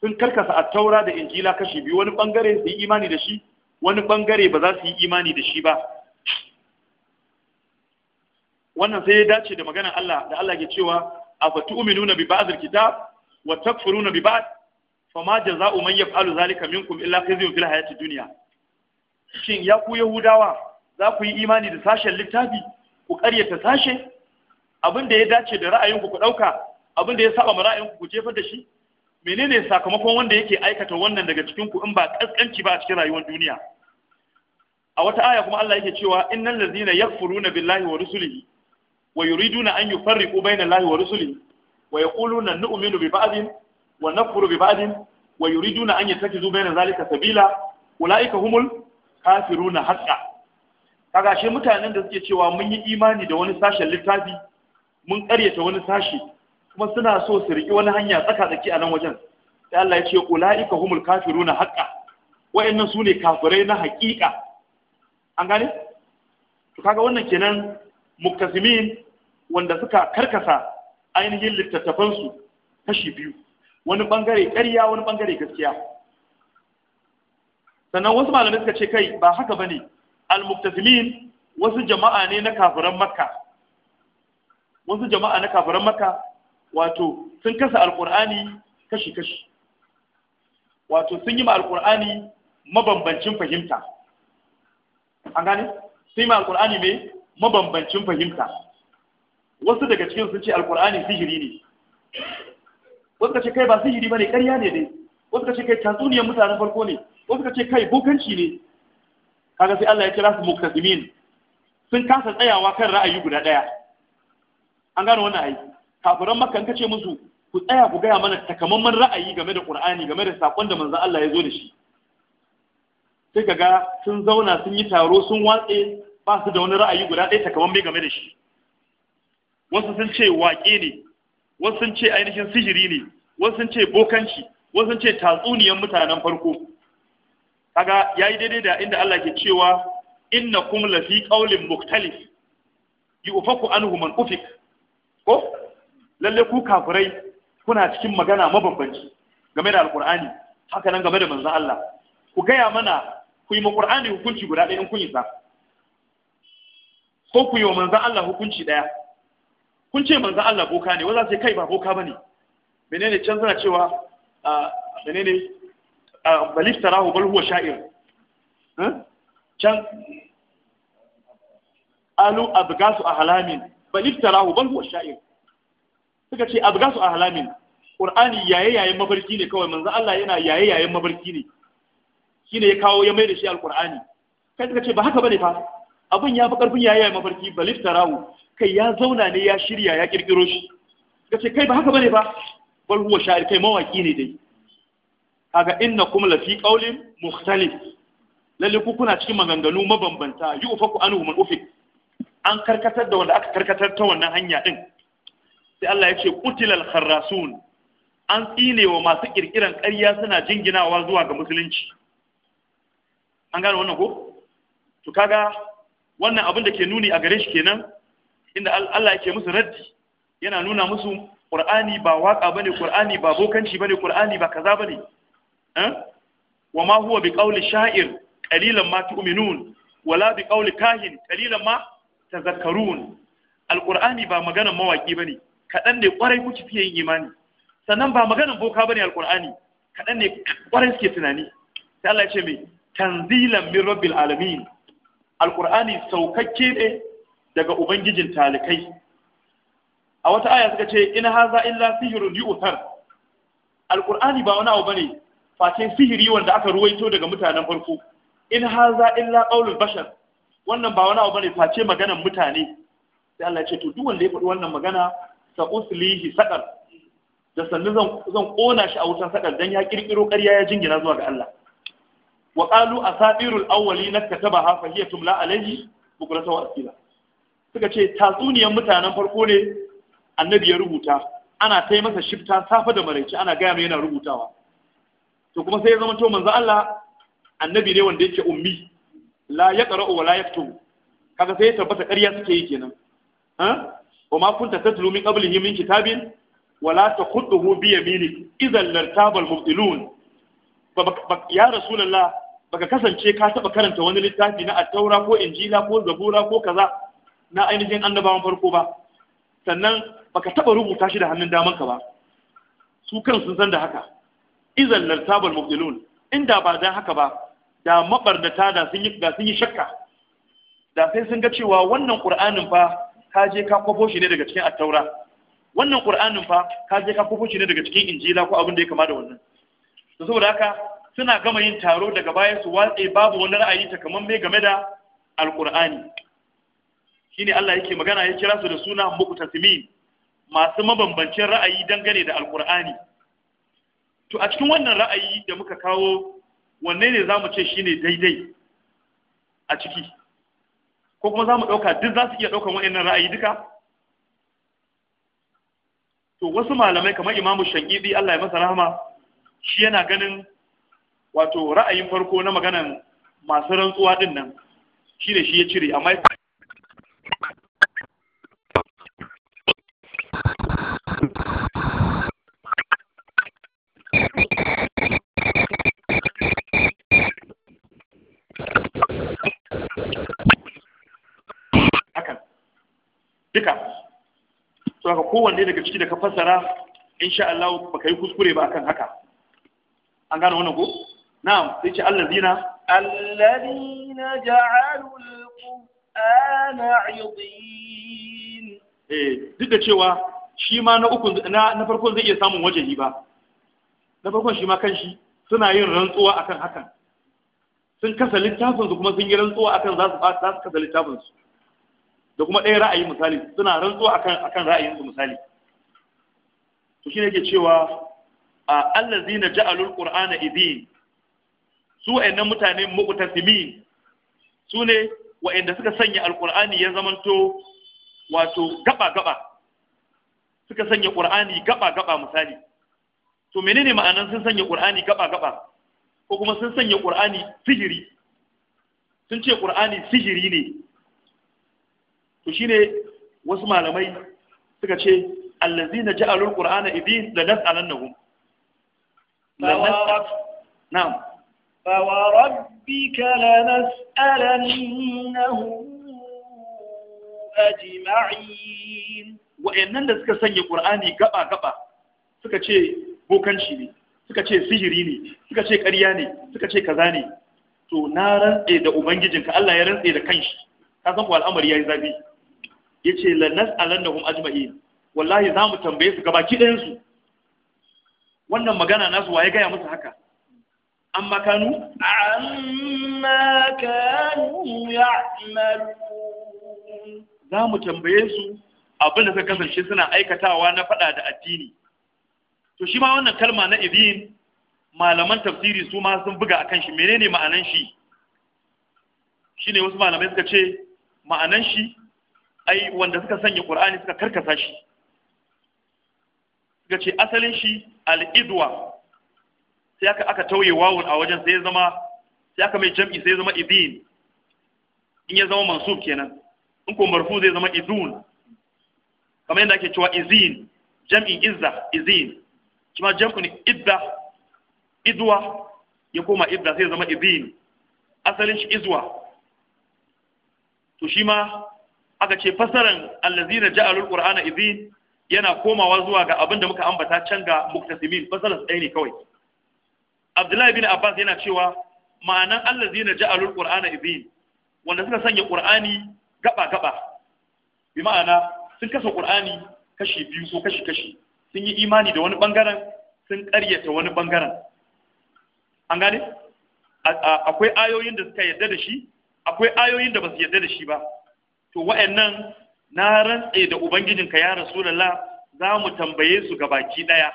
sun karkasa a taura da injila kashi biyu wani bangare su yi imani da shi wani bangare ba za su yi imani da shi ba wannan sai ya dace da maganar Allah da Allah ke cewa afatu'minuna bi ba'dil kitab wa takfuruna bi ba'd fama jaza'u man yaf'alu zalika minkum illa khizyun fil hayati dunya shin ya ku yahudawa za ku yi imani da sashen littafi ku karyata sashe abin da ya dace da ra'ayinku ku dauka abin da ya saba ma ra'ayinku ku jefar da shi menene sakamakon wanda yake aikata wannan daga cikin ku in ba kaskanci ba a cikin rayuwar duniya a wata aya kuma Allah yake cewa innal ladzina yakfuruna billahi wa rusulihi wa yuriduna an yufarriqu bayna Allahi wa rusulihi wa yaquluna nu'minu bi ba'din wa nakfuru bi ba'din wa yuriduna an yattakhidhu sabila ulaika humul kafiruna haqqan kaga shi mutanen da suke cewa mun yi imani da wani sashen littafi mun karyata wani sashi kuma suna so su riki wani hanya tsaka tsaki a nan wajen sai Allah ya ce ulaika humul kafiruna haqqan wayannan sune kafirai na hakika. an gane to kaga wannan kenan muktasimin wanda suka karkasa ainihin littattafansu kashi biyu wani bangare ƙarya wani bangare gaskiya sannan wasu malamai suka ce kai ba haka ba ne almuktasimin wasu jama'a ne na kafiran makka wasu jama'a na kafiran makka wato sun kasa alkur'ani kashi-kashi wato sun yi ma alkur'ani mabambancin fahimta an gane sun yi ma alkur'ani mai mabambancin fahimta wasu daga cikin sun ce alkur'ani sihiri ne wasu ka ce kai ba sihiri ba ne ƙarya ne ne wasu ka ce kai tatsuniyar mutanen farko ne wasu ka ce kai bukanci ne kaga sai Allah ya kira su muktasimin sun kasa tsayawa kan ra'ayi guda ɗaya an gano wannan aiki kafiran makka ka ce musu ku tsaya ku gaya mana takamaiman ra'ayi game da qur'ani game da sakon da manzon Allah ya zo da shi sai kaga sun zauna sun yi taro sun watse ba su da wani ra'ayi guda ɗaya takamaiman game da shi wasu sun ce waƙe ne wasu sun ce ainihin sihiri ne wasu sun ce bokanci wasu sun ce tatsuniyan mutanen farko kaga yi daidai da inda Allah ke cewa la lafi qaulin mukhtalif yufaku anhu man ufik ko lalle ku kafirai kuna cikin magana mabambanci game da alqur'ani haka nan game da manzon Allah ku gaya mana ku yi alqur'ani hukunci guda ɗaya in kun yi sa ko ku yi wa manzon Allah hukunci ɗaya kun ce manzan Allah boka ne wanda sai kai ba boka ba ne. menene can suna cewa menene balif tarahu bal balhuwa sha'ir can alu abgasu halamin balif tarahu rahu balhuwa sha'ir suka ce abgasu halamin. qur'ani yaye yaye mafarki ne kawai manzan Allah yana yaye yaye mafarki ne Shi ne ya kawo ya mai da shi alqur'ani kai suka ce ba haka bane fa abin ya fi ƙarfin yayi mafarki balif tarawu kai ya zauna ne ya shirya ya ƙirƙiro shi ce kai ba haka bane ba bar huwa sha'ir kai mawaki ne dai kaga inna la fi qawlin mukhtalif lalle ku kuna cikin maganganu mabambanta yi ku, anhu man ufik an karkatar da wanda aka karkatar ta wannan hanya din sai Allah ya ce qutilal kharrasun an tsine wa masu kirkiran ƙarya suna jinginawa zuwa ga musulunci an gane wannan ko to kaga wannan abin da ke nuni a gare shi kenan inda Allah yake musu raddi yana nuna musu Qur'ani ba waka bane Qur'ani ba bokanci bane Qur'ani ba kaza bane eh wa ma huwa biqauli sha'ir qalilan ma tu'minun wala biqauli kahin qalilan ma tazakkarun alqur'ani ba maganan mawaki bane kadan ne kwarai kuke fiye yin imani sannan ba maganan boka bane alqur'ani kadan ne kwarai suke tunani sai Allah ya ce mai tanzilan min rabbil alamin alkur'ani saukakke ne daga ubangijin talikai a wata aya suka ce in haza illa sihirun yu'tar alkur'ani ba wani abu bane face sihiri wanda aka ruwaito daga mutanen farko in haza illa qaulul bashar wannan ba wani abu bane face maganar mutane sai Allah ya ce to duk wanda ya faɗi wannan magana sa uslihi sadar da sannu zan zan kona shi a wutan sadar dan ya kirkiro ƙarya ya jingina zuwa ga Allah wa qalu Auwali na katabaha fa hiya tumla alayhi suka ce tatsuniyan mutanen farko ne annabi ya rubuta ana ta masa shifta safa da maraice ana gaya mai yana rubutawa to kuma sai ya zama to manzo Allah annabi ne wanda yake ummi la yaqra'u wa la yaktubu kaga sai ya tabbata ƙarya suke yi kenan ha wa ma kunta tatlu min qablihi min kitabin wa la taqutuhu bi yaminik idhan lartabal mubtilun ya rasulullah baka kasance ka taba karanta wani littafi na attaura ko injila ko zabura ko kaza na ainihin annabawan farko ba sannan baka taba rubuta shi da hannun ka ba su kan sun san da haka izan lartabal mubtilun inda ba dan haka ba da mabarnata da sun yi da sun yi shakka da sai sun ga cewa wannan qur'anin fa ka je ka kwafo shi ne daga cikin attaura wannan qur'anin fa ka je ka kwafo shi ne daga cikin injila ko abin da ya kama da wannan saboda haka suna gama yin taro daga baya su watsa babu wani ra'ayi mai game da alkur'ani shine Allah yake magana ya kira su da suna muqtasimin masu mabambancin ra'ayi dangane da alkur'ani to a cikin wannan ra'ayi da muka kawo wanne ne zamu ce shine daidai a ciki ko kuma zamu dauka duk za su iya daukan wa'annan ra'ayi duka to wasu malamai kamar Imamu Shangidi Allah ya masa rahama shi yana ganin wato ra'ayin farko na maganan masu rantsuwa din nan shi da shi ya cire amma ya duka so haka kowanne daga ciki da ka fassara insha Allah baka yi kuskure ba akan haka an gane wannan ko na'am sai ce الذين جعلوا القرآن عظيم إيه 'idin شوى eh, duk da cewa shi ma na farkon zai iya samun wajehi ba na farkon shi ma kanshi suna yin rantsuwa akan hakan sun kasa littafin su kuma sun yi rantsuwa akan za su za su kasa littafin su da kuma ɗaya ra'ayi misali suna rantsuwa akan akan ra'ayin su misali to shine yake cewa allazina ja'alul qur'ana idin su wa'annan mutane muqtasimin su ne wa'anda suka sanya alkur'ani ya zamanto wato gaba gaba suka sanya ƙur'ani gaba gaba misali to menene ma'anan sun sanya ƙur'ani gaba gaba ko kuma sun sanya ƙur'ani sihiri sun ce ƙur'ani sihiri ne to shine wasu malamai suka ce allazina ja'alul qur'ana iblis la nas'alannahum la nas'al na'am فوربك لنسألنهم أجمعين wa'annan da suka sanya Qur'ani gaba-gaba suka ce bokanci ne suka ce sihiri ne suka ce ƙarya ne suka ce kaza ne to na rantse da Ubangijin ka Allah ya rantse da kanshi ka san ku al'amari yayi zafi yace la nas'alannahum ajma'in wallahi za mu tambaye su gabaki ɗayan su wannan magana nasu waye gaya musu haka amma kanu amma kanu ya'malun za mu tambaye su abinda da suka kasance suna aikatawa na fada da addini to shi ma wannan kalma na idin malaman tafsiri su ma sun buga akan shi menene ma'anan shi shine wasu malamai suka ce ma'anan shi ai wanda suka sanya qur'ani suka karkasa shi suka ce asalin shi al-idwa sai aka aka tauye wawun a wajen sai ya zama sai aka mai jam'i sai ya zama idin in ya zama mansub kenan in ko marfu zai zama idun kamar yadda ake cewa izin jam'in izza izin kuma jam'in idda idwa ya koma idda sai ya zama idin asalin shi izwa to shi ma aka ce fasaran allazina ja'alul qur'ana idin yana komawa zuwa ga abin da muka ambata can ga muktasimin fasalar ɗaya ne kawai abdullahi bin abbas yana cewa ma'anan allazina ja'alul qur'ana ibin wanda suka sanya qur'ani gaba gaba bi ma'ana sun kasa qur'ani kashi biyu ko kashi kashi sun yi imani da wani bangaren sun karyata wani bangaren an gane akwai ayoyin da suka yarda da shi akwai ayoyin da ba su yarda da shi ba to wa'annan na rantse da ubangijinka ya rasulullah za mu tambaye su ga baki ɗaya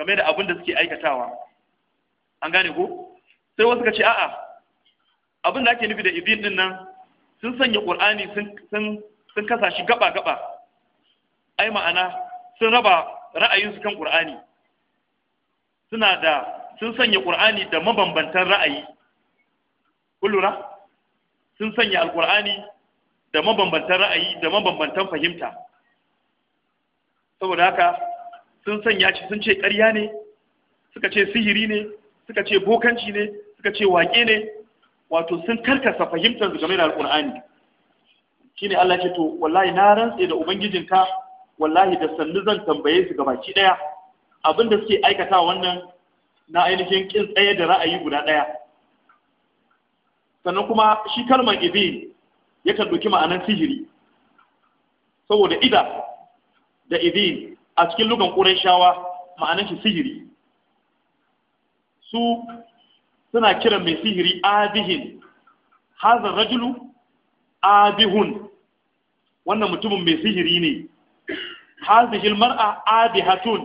game da abin da suke aikatawa an gane ko sai wasu ka ce a'a abin da ake nufi da idin din nan sun sanya qur'ani sun sun sun kasa shi gaba gaba ai ma'ana sun raba ra'ayinsu kan qur'ani suna da sun sanya qur'ani da mabambantan ra'ayi kullura sun sanya alqur'ani da mabambantan ra'ayi da mabambantan fahimta saboda haka sun sanya shi sun ce ƙarya ne suka ce sihiri ne suka ce bokanci ne suka ce waƙe ne wato sun karkasa fahimtar su game da alƙur'ani shine Allah ce to wallahi na rantse da ubangijinka wallahi da sannu zan tambaye su gabaki daya abin da suke aikata wannan na ainihin kin tsaye da ra'ayi guda ɗaya. sannan kuma shi kalmar ibi yakan doki ma'anar sihiri saboda ida da ibi a cikin lugan ƙurai shawa ma'anar shi sihiri su suna kiran mai sihiri abihin haza rajulu abihun wannan mutumin mai sihiri ne hazihil mar'a abihatun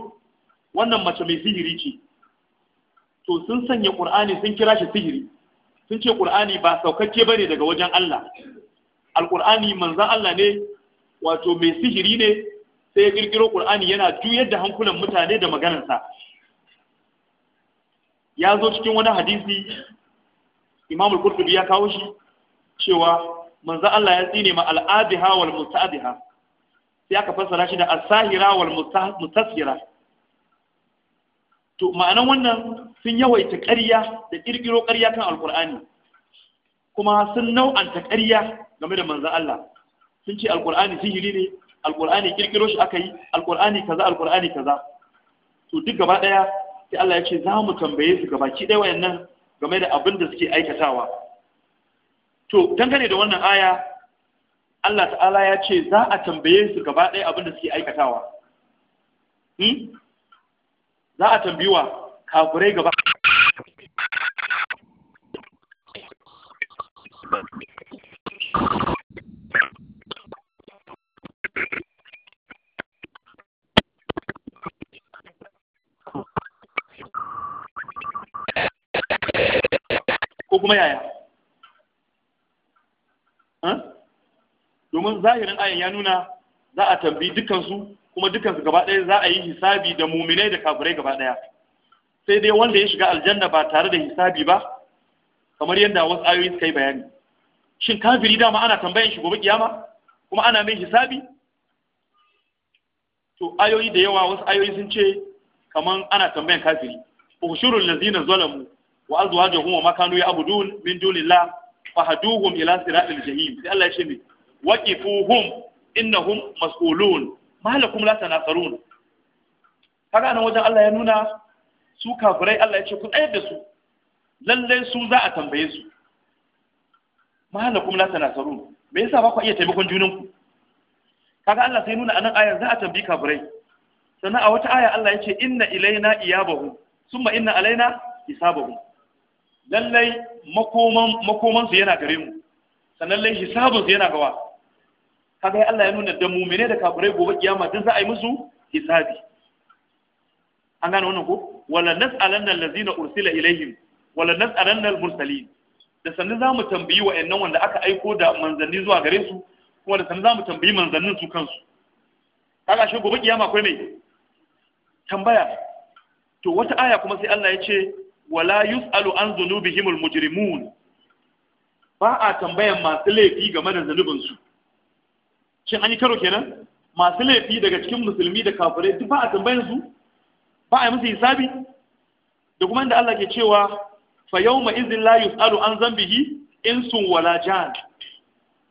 wannan mace mai sihiri ce to sun sanya qur'ani sun kira shi sihiri sun ce qur'ani ba saukakke bane daga wajen Allah alqur'ani manzan Allah ne wato mai sihiri ne sai ya ƙirƙiro qur'ani yana juyar da hankulan mutane da maganarsa ya zo cikin wani hadisi Imam al-Qurtubi ya kawo shi cewa manzo Allah ya tsine ma al-adiha wal musta'diha sai aka fassara shi da as-sahira wal mutasira to ma'anan wannan sun yawaita ƙarya da kirkiro ƙarya kan alqur'ani kuma sun nau'anta ƙarya game da manzo Allah sun ce alqur'ani sihiri ne alqur'ani kirkiro shi aka yi alqur'ani kaza alqur'ani kaza to duk gaba daya sai Allah ya ce za mu tambaye su gabaki ɗaya wayannan game da abin da suke aikatawa to dangane da wannan aya Allah ta'ala ya ce za a tambaye su gaba ɗaya abin da suke aikatawa hmm? za a tambiwa kafurai gaba kuma yaya domin zahirin ayan ya nuna za a tambi dukansu kuma dukansu gaba ɗaya za a yi hisabi da muminai da kafirai gaba ɗaya sai dai wanda ya shiga aljanna ba tare da hisabi ba kamar yadda wasu ayoyi suka yi bayani shin kafiri dama ana tambayan shi gobe kiyama kuma ana mai hisabi to ayoyi da yawa wasu ayoyi sun ce kaman ana tambayan kafiri ushurul lazina zalamu wa azwajuhum wa makanu ya'budun min dunillah fahduhum ila siratil jahim sai Allah ya ce ni waqifuhum innahum mas'ulun malakum la tanasarun kaga nan wajen Allah ya nuna su kafirai Allah ya ce ku tsayar da su lallai su za a tambaye su malakum la tanasarun me yasa ba ku iya taimakon junanku kaga Allah sai nuna anan ayar za a tambi kafirai sannan a wata aya Allah ya ce inna ilaina iyabahum summa inna alaina hisabahum lallai makoman makoman su yana gare mu sannan lai hisabun su yana gawa kaga Allah ya nuna da mu'mine da kafirai gobe kiyama duk za a yi musu hisabi an gane wannan ko wala nas'alanna allazina ursila ilaihim wala nas'alanna al-mursalin da sannan za mu tambayi wa'annan wanda aka aiko da manzanni zuwa gare su kuma da sannan za mu tambayi manzannin su kansu kaga shi gobe kiyama akwai mai tambaya to wata aya kuma sai Allah ya ce wala yus'alu an al mujrimun ba a tambayan masu laifi game da zanubinsu shin an yi karo kenan masu laifi daga cikin musulmi da kafirai duk ba a tambayan su ba a yi musu hisabi da kuma inda Allah ke cewa fa yawma izin la yus'alu an zambihi insu wala jan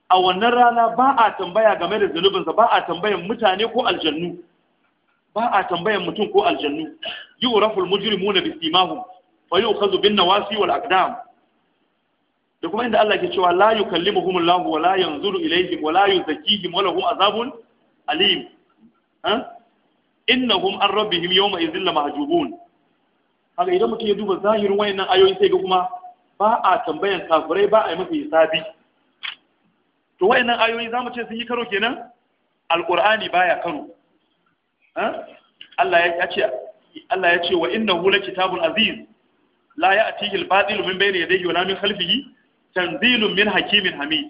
a wannan rana ba a tambaya game da zanubinsa ba a tambayan mutane ko aljannu ba a tambayan mutum ko aljannu raful mujrimuna simahum fa yu'khadhu bin nawasi wal aqdam da kuma inda Allah ke cewa la yukallimuhum Allah wa la yanzuru ilayhim wa la yuzakkihim wa lahum azabun alim ha innahum an rabbihim yawma idhil mahjubun haka idan mutum ya duba zahirin wayannan ayoyi sai ga kuma ba a tambayan kafirai ba a yi musu hisabi to wayannan ayoyi zamu ce sun yi karo kenan alqur'ani baya karo Allah ya ce Allah ya ce wa innahu lakitabun aziz la ya'tihi al-batilu min bayni yadayhi wa la min khalfihi tanzilun min hakimin hamid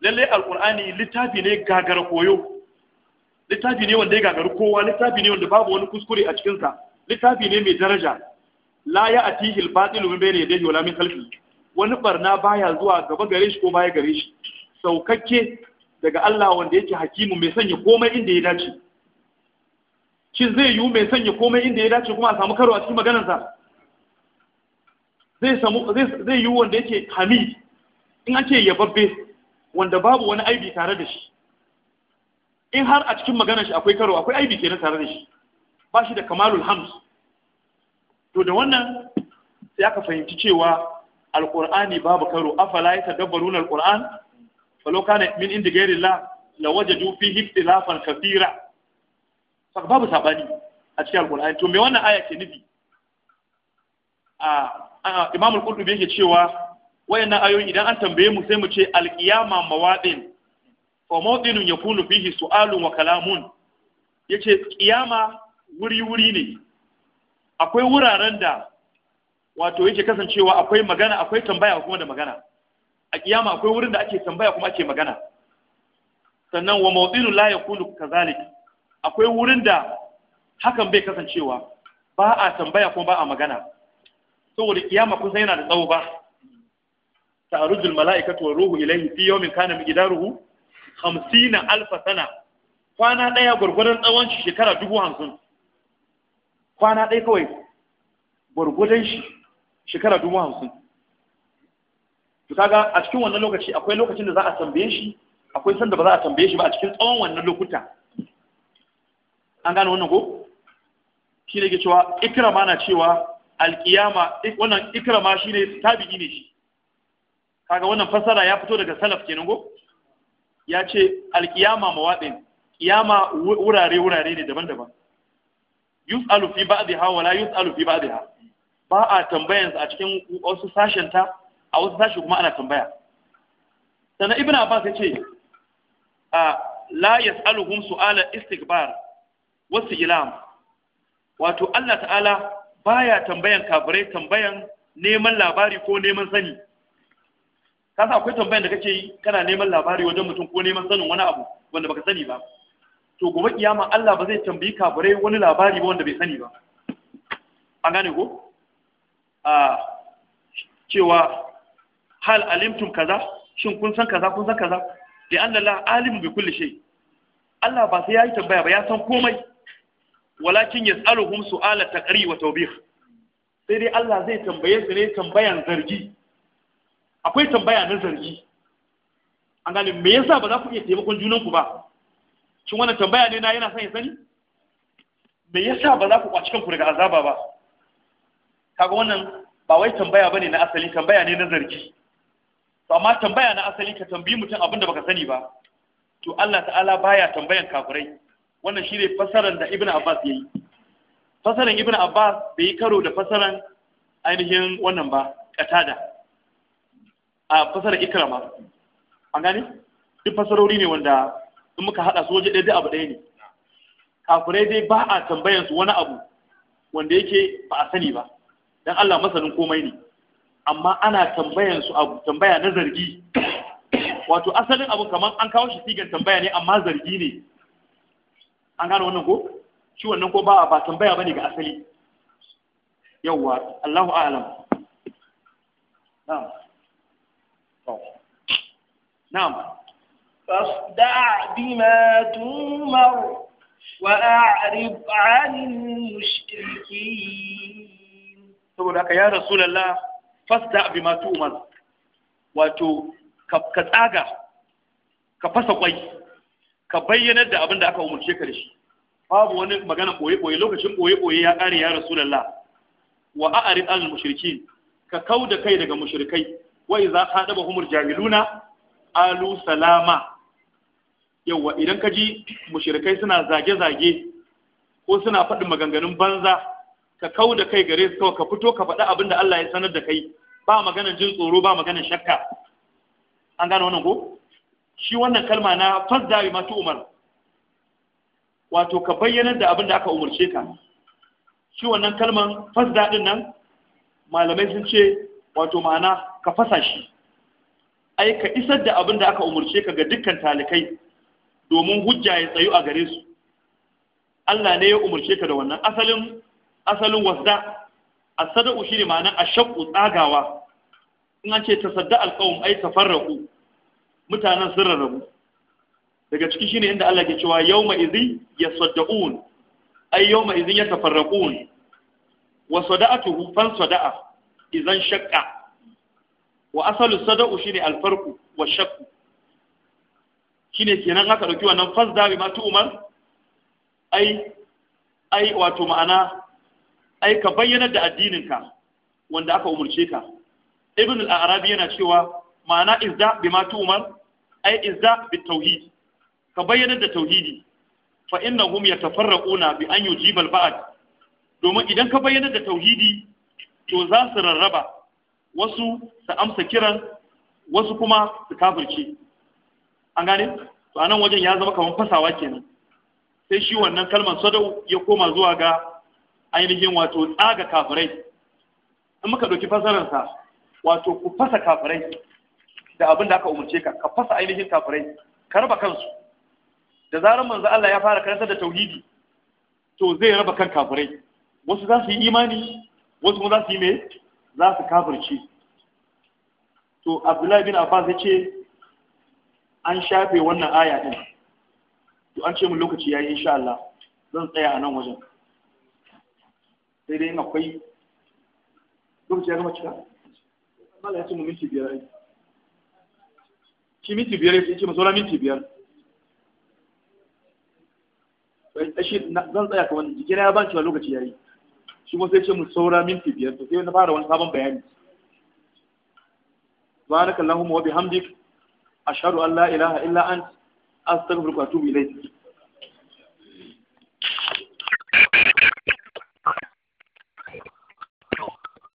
lalle alqur'ani littafi ne gagara koyo littafi ne wanda ya gagari kowa littafi ne wanda babu wani kuskure a cikinsa. littafi ne mai daraja la ya'tihi al-batilu min bayni yadayhi wa la min khalfihi wani barna baya zuwa gaba gare shi ko baya gare shi saukakke daga Allah wanda yake hakimu mai sanya komai inda ya dace shin zai yiwu mai sanya komai inda ya dace kuma a samu karo a cikin maganarsa zai samu zai yi wanda yake Hami in an yababbe wanda babu wani aibi tare da shi in har a cikin maganar shi akwai karo akwai aibi na tare da shi ba shi da kamalul hams to da wannan sai aka fahimci cewa alqur'ani babu karo afala tadabbaruna alqur'an falau kana min indi ghairillah wajadu fihi ikhtilafan kathira saka babu sabani a cikin alqur'ani to me wannan aya ke nufi a ah, Imam al-Qurtubi yake cewa wayannan ayoyi idan an tambaye mu sai mu ce al-qiyama mawadin fa mawdinun yakunu fihi su'alun wa kalamun yace qiyama wuri-wuri ne akwai wuraren da wato yake kasancewa akwai magana akwai tambaya kuma da magana a qiyama akwai wurin da ake tambaya kuma ake magana sannan wa mawdinun la yakunu kazalik akwai wurin da hakan bai kasancewa ba a tambaya kuma ba a magana saboda kiyama kun yana da tsawo ba ta'arujul mala'ika tuwa ruhu ilayhi fi yawmin kana ruhu 50 alfa sana kwana daya gurgurdan tsawon shi shekara 50 kwana daya kawai gurgurdan shi shekara 50 to kaga a cikin wannan lokaci akwai lokacin da za a tambaye shi akwai sanda ba za a tambaye shi ba a cikin tsawon wannan lokuta an gane wannan ko shi ne ke cewa ikrama na cewa alkiyama wannan ikrama shine tabi'i ne shi kaga wannan fasara ya fito daga salaf kenan go ya ce alkiyama mawaɗin kiyama wurare wurare ne daban-daban yus'alu fi ba'dha wa la yus'alu fi ba'dha ba a tambayan a cikin wasu sashen ta a wasu sashi kuma ana tambaya sannan ibn abbas ya ce a la yas'aluhum su'ala istikbar wasu ilam wato Allah ta'ala baya tambayan kafirai tambayan neman labari ko neman sani kasa akwai tambayan da kake yi kana neman labari wajen mutum ko neman sanin wani abu wanda baka sani ba to gobe kiyama Allah ba zai tambayi kafirai wani labari ba wanda bai sani ba an gane ko a cewa hal alimtum kaza shin kun san kaza kun san kaza bi anna la alim bi kulli shay Allah ba sai yayi tambaya ba ya san komai walakin yas'aluhum su'ala taqri wa tawbih sai dai Allah zai tambaye su ne tambayan zargi akwai tambaya na zargi an gane me yasa ba za ku iya taimakon junan ku ba shin wannan tambaya ne na yana son ya sani me yasa ba za ku kwaci kanku daga azaba ba kaga wannan ba wai tambaya bane na asali tambaya ne na zargi to amma tambaya na asali ka tambayi mutum abin da baka sani ba to Allah ta'ala baya tambayan kafirai wannan shi ne fasaran da ibn abbas ya yi fasaran ibn abbas bai yi karo da fasaran ainihin wannan ba ƙatada. a fasaran ikrama an gani? duk fasarori ne wanda in muka haɗa su waje ɗaya abu ɗaya ne kafirai dai ba a tambayan su wani abu wanda yake ba a sani ba Don Allah masanin komai ne amma ana tambayan su abu tambaya na zargi wato asalin abu kamar an kawo shi sigan tambaya ne amma zargi ne an gane wannan ko shi wannan ko ba a ba tambaya bane ga asali yawwa Allahu a'lam na'am نعم فاصدع بما wa وأعرض عن المشركين saboda ya rasulullah fasda bima tu'mar wato ka tsaga ka fasa kwai ka bayyanar da abin da aka umarce ka da shi babu wani magana ɓoye-ɓoye lokacin ɓoye-ɓoye ya kare ya rasulullah wa a'rid al mushrikin ka kauda kai daga mushrikai wa idza qadaba humur jahiluna alu salama yawa idan ka ji mushrikai suna zage-zage ko suna faɗin maganganun banza ka kauda kai gare su kawai ka fito ka faɗi abin da Allah ya sanar da kai ba maganar jin tsoro ba maganar shakka an gane wannan ko shi wannan kalma na fasda bi mata umar wato ka bayyana da abin da aka umarce ka shi wannan kalman fasda din nan malamai sun ce wato ma'ana ka fasa shi ai ka isar da abin da aka umarce ka ga dukkan talikai domin hujja ya tsayu a gare su Allah ne ya umarce ka da wannan asalin asalin wasda asada ushiri ma'ana ashaqqu tsagawa in an ce tasadda alqawm ai tafarraqu mutanen sun rarrabu daga ciki shine inda Allah ke cewa yawma idhi yasaddaqun ay yawma idhi yatafarraqun wa sada'atuhu fan sada'a idan shaqqa wa asalu sada'u shine alfarqu wa shaqqu shine kenan aka dauki wannan fasda bi matu umar ai ai wato ma'ana ai ka bayyana da addininka wanda aka umurce ka ibn al-arabi yana cewa ma'ana izda bi matu umar ai izza bit ka bayyana da tauhidi fa innahum yatafarraquna bi an al ba'd domin idan ka bayyana da tauhidi to za su rarraba wasu su amsa kiran wasu kuma su kafirce an gane to anan wajen ya zama kamar fasawa kenan sai shi wannan kalmar sadau ya koma zuwa ga ainihin wato tsaga kafirai in muka ɗauki fasararsa wato ku fasa kafirai da abin da aka umarce ka ka fasa ainihin kafirai ka raba kansu da zarar manzo Allah ya fara karantar da tauhidi to zai raba kan kafirai wasu za su yi imani wasu za su yi mai za su kafirce to Abdullahi bin Abbas ya ce an shafe wannan aya din to an ce min lokaci yayi insha Allah zan tsaya a nan wajen sai dai in akwai lokaci ya gama cika Allah ya ce mu minti biyar shi minti biyar ya ce masu minti biyar shi zan tsaya kawai, jikina ya ban cewa lokaci ya yi shi kuma sai ce mu saura minti biyar to sai na fara wani sabon bayani subhanakallahumma wa bihamdik ashhadu an la ilaha illa ant astaghfiruka wa atubu ilayk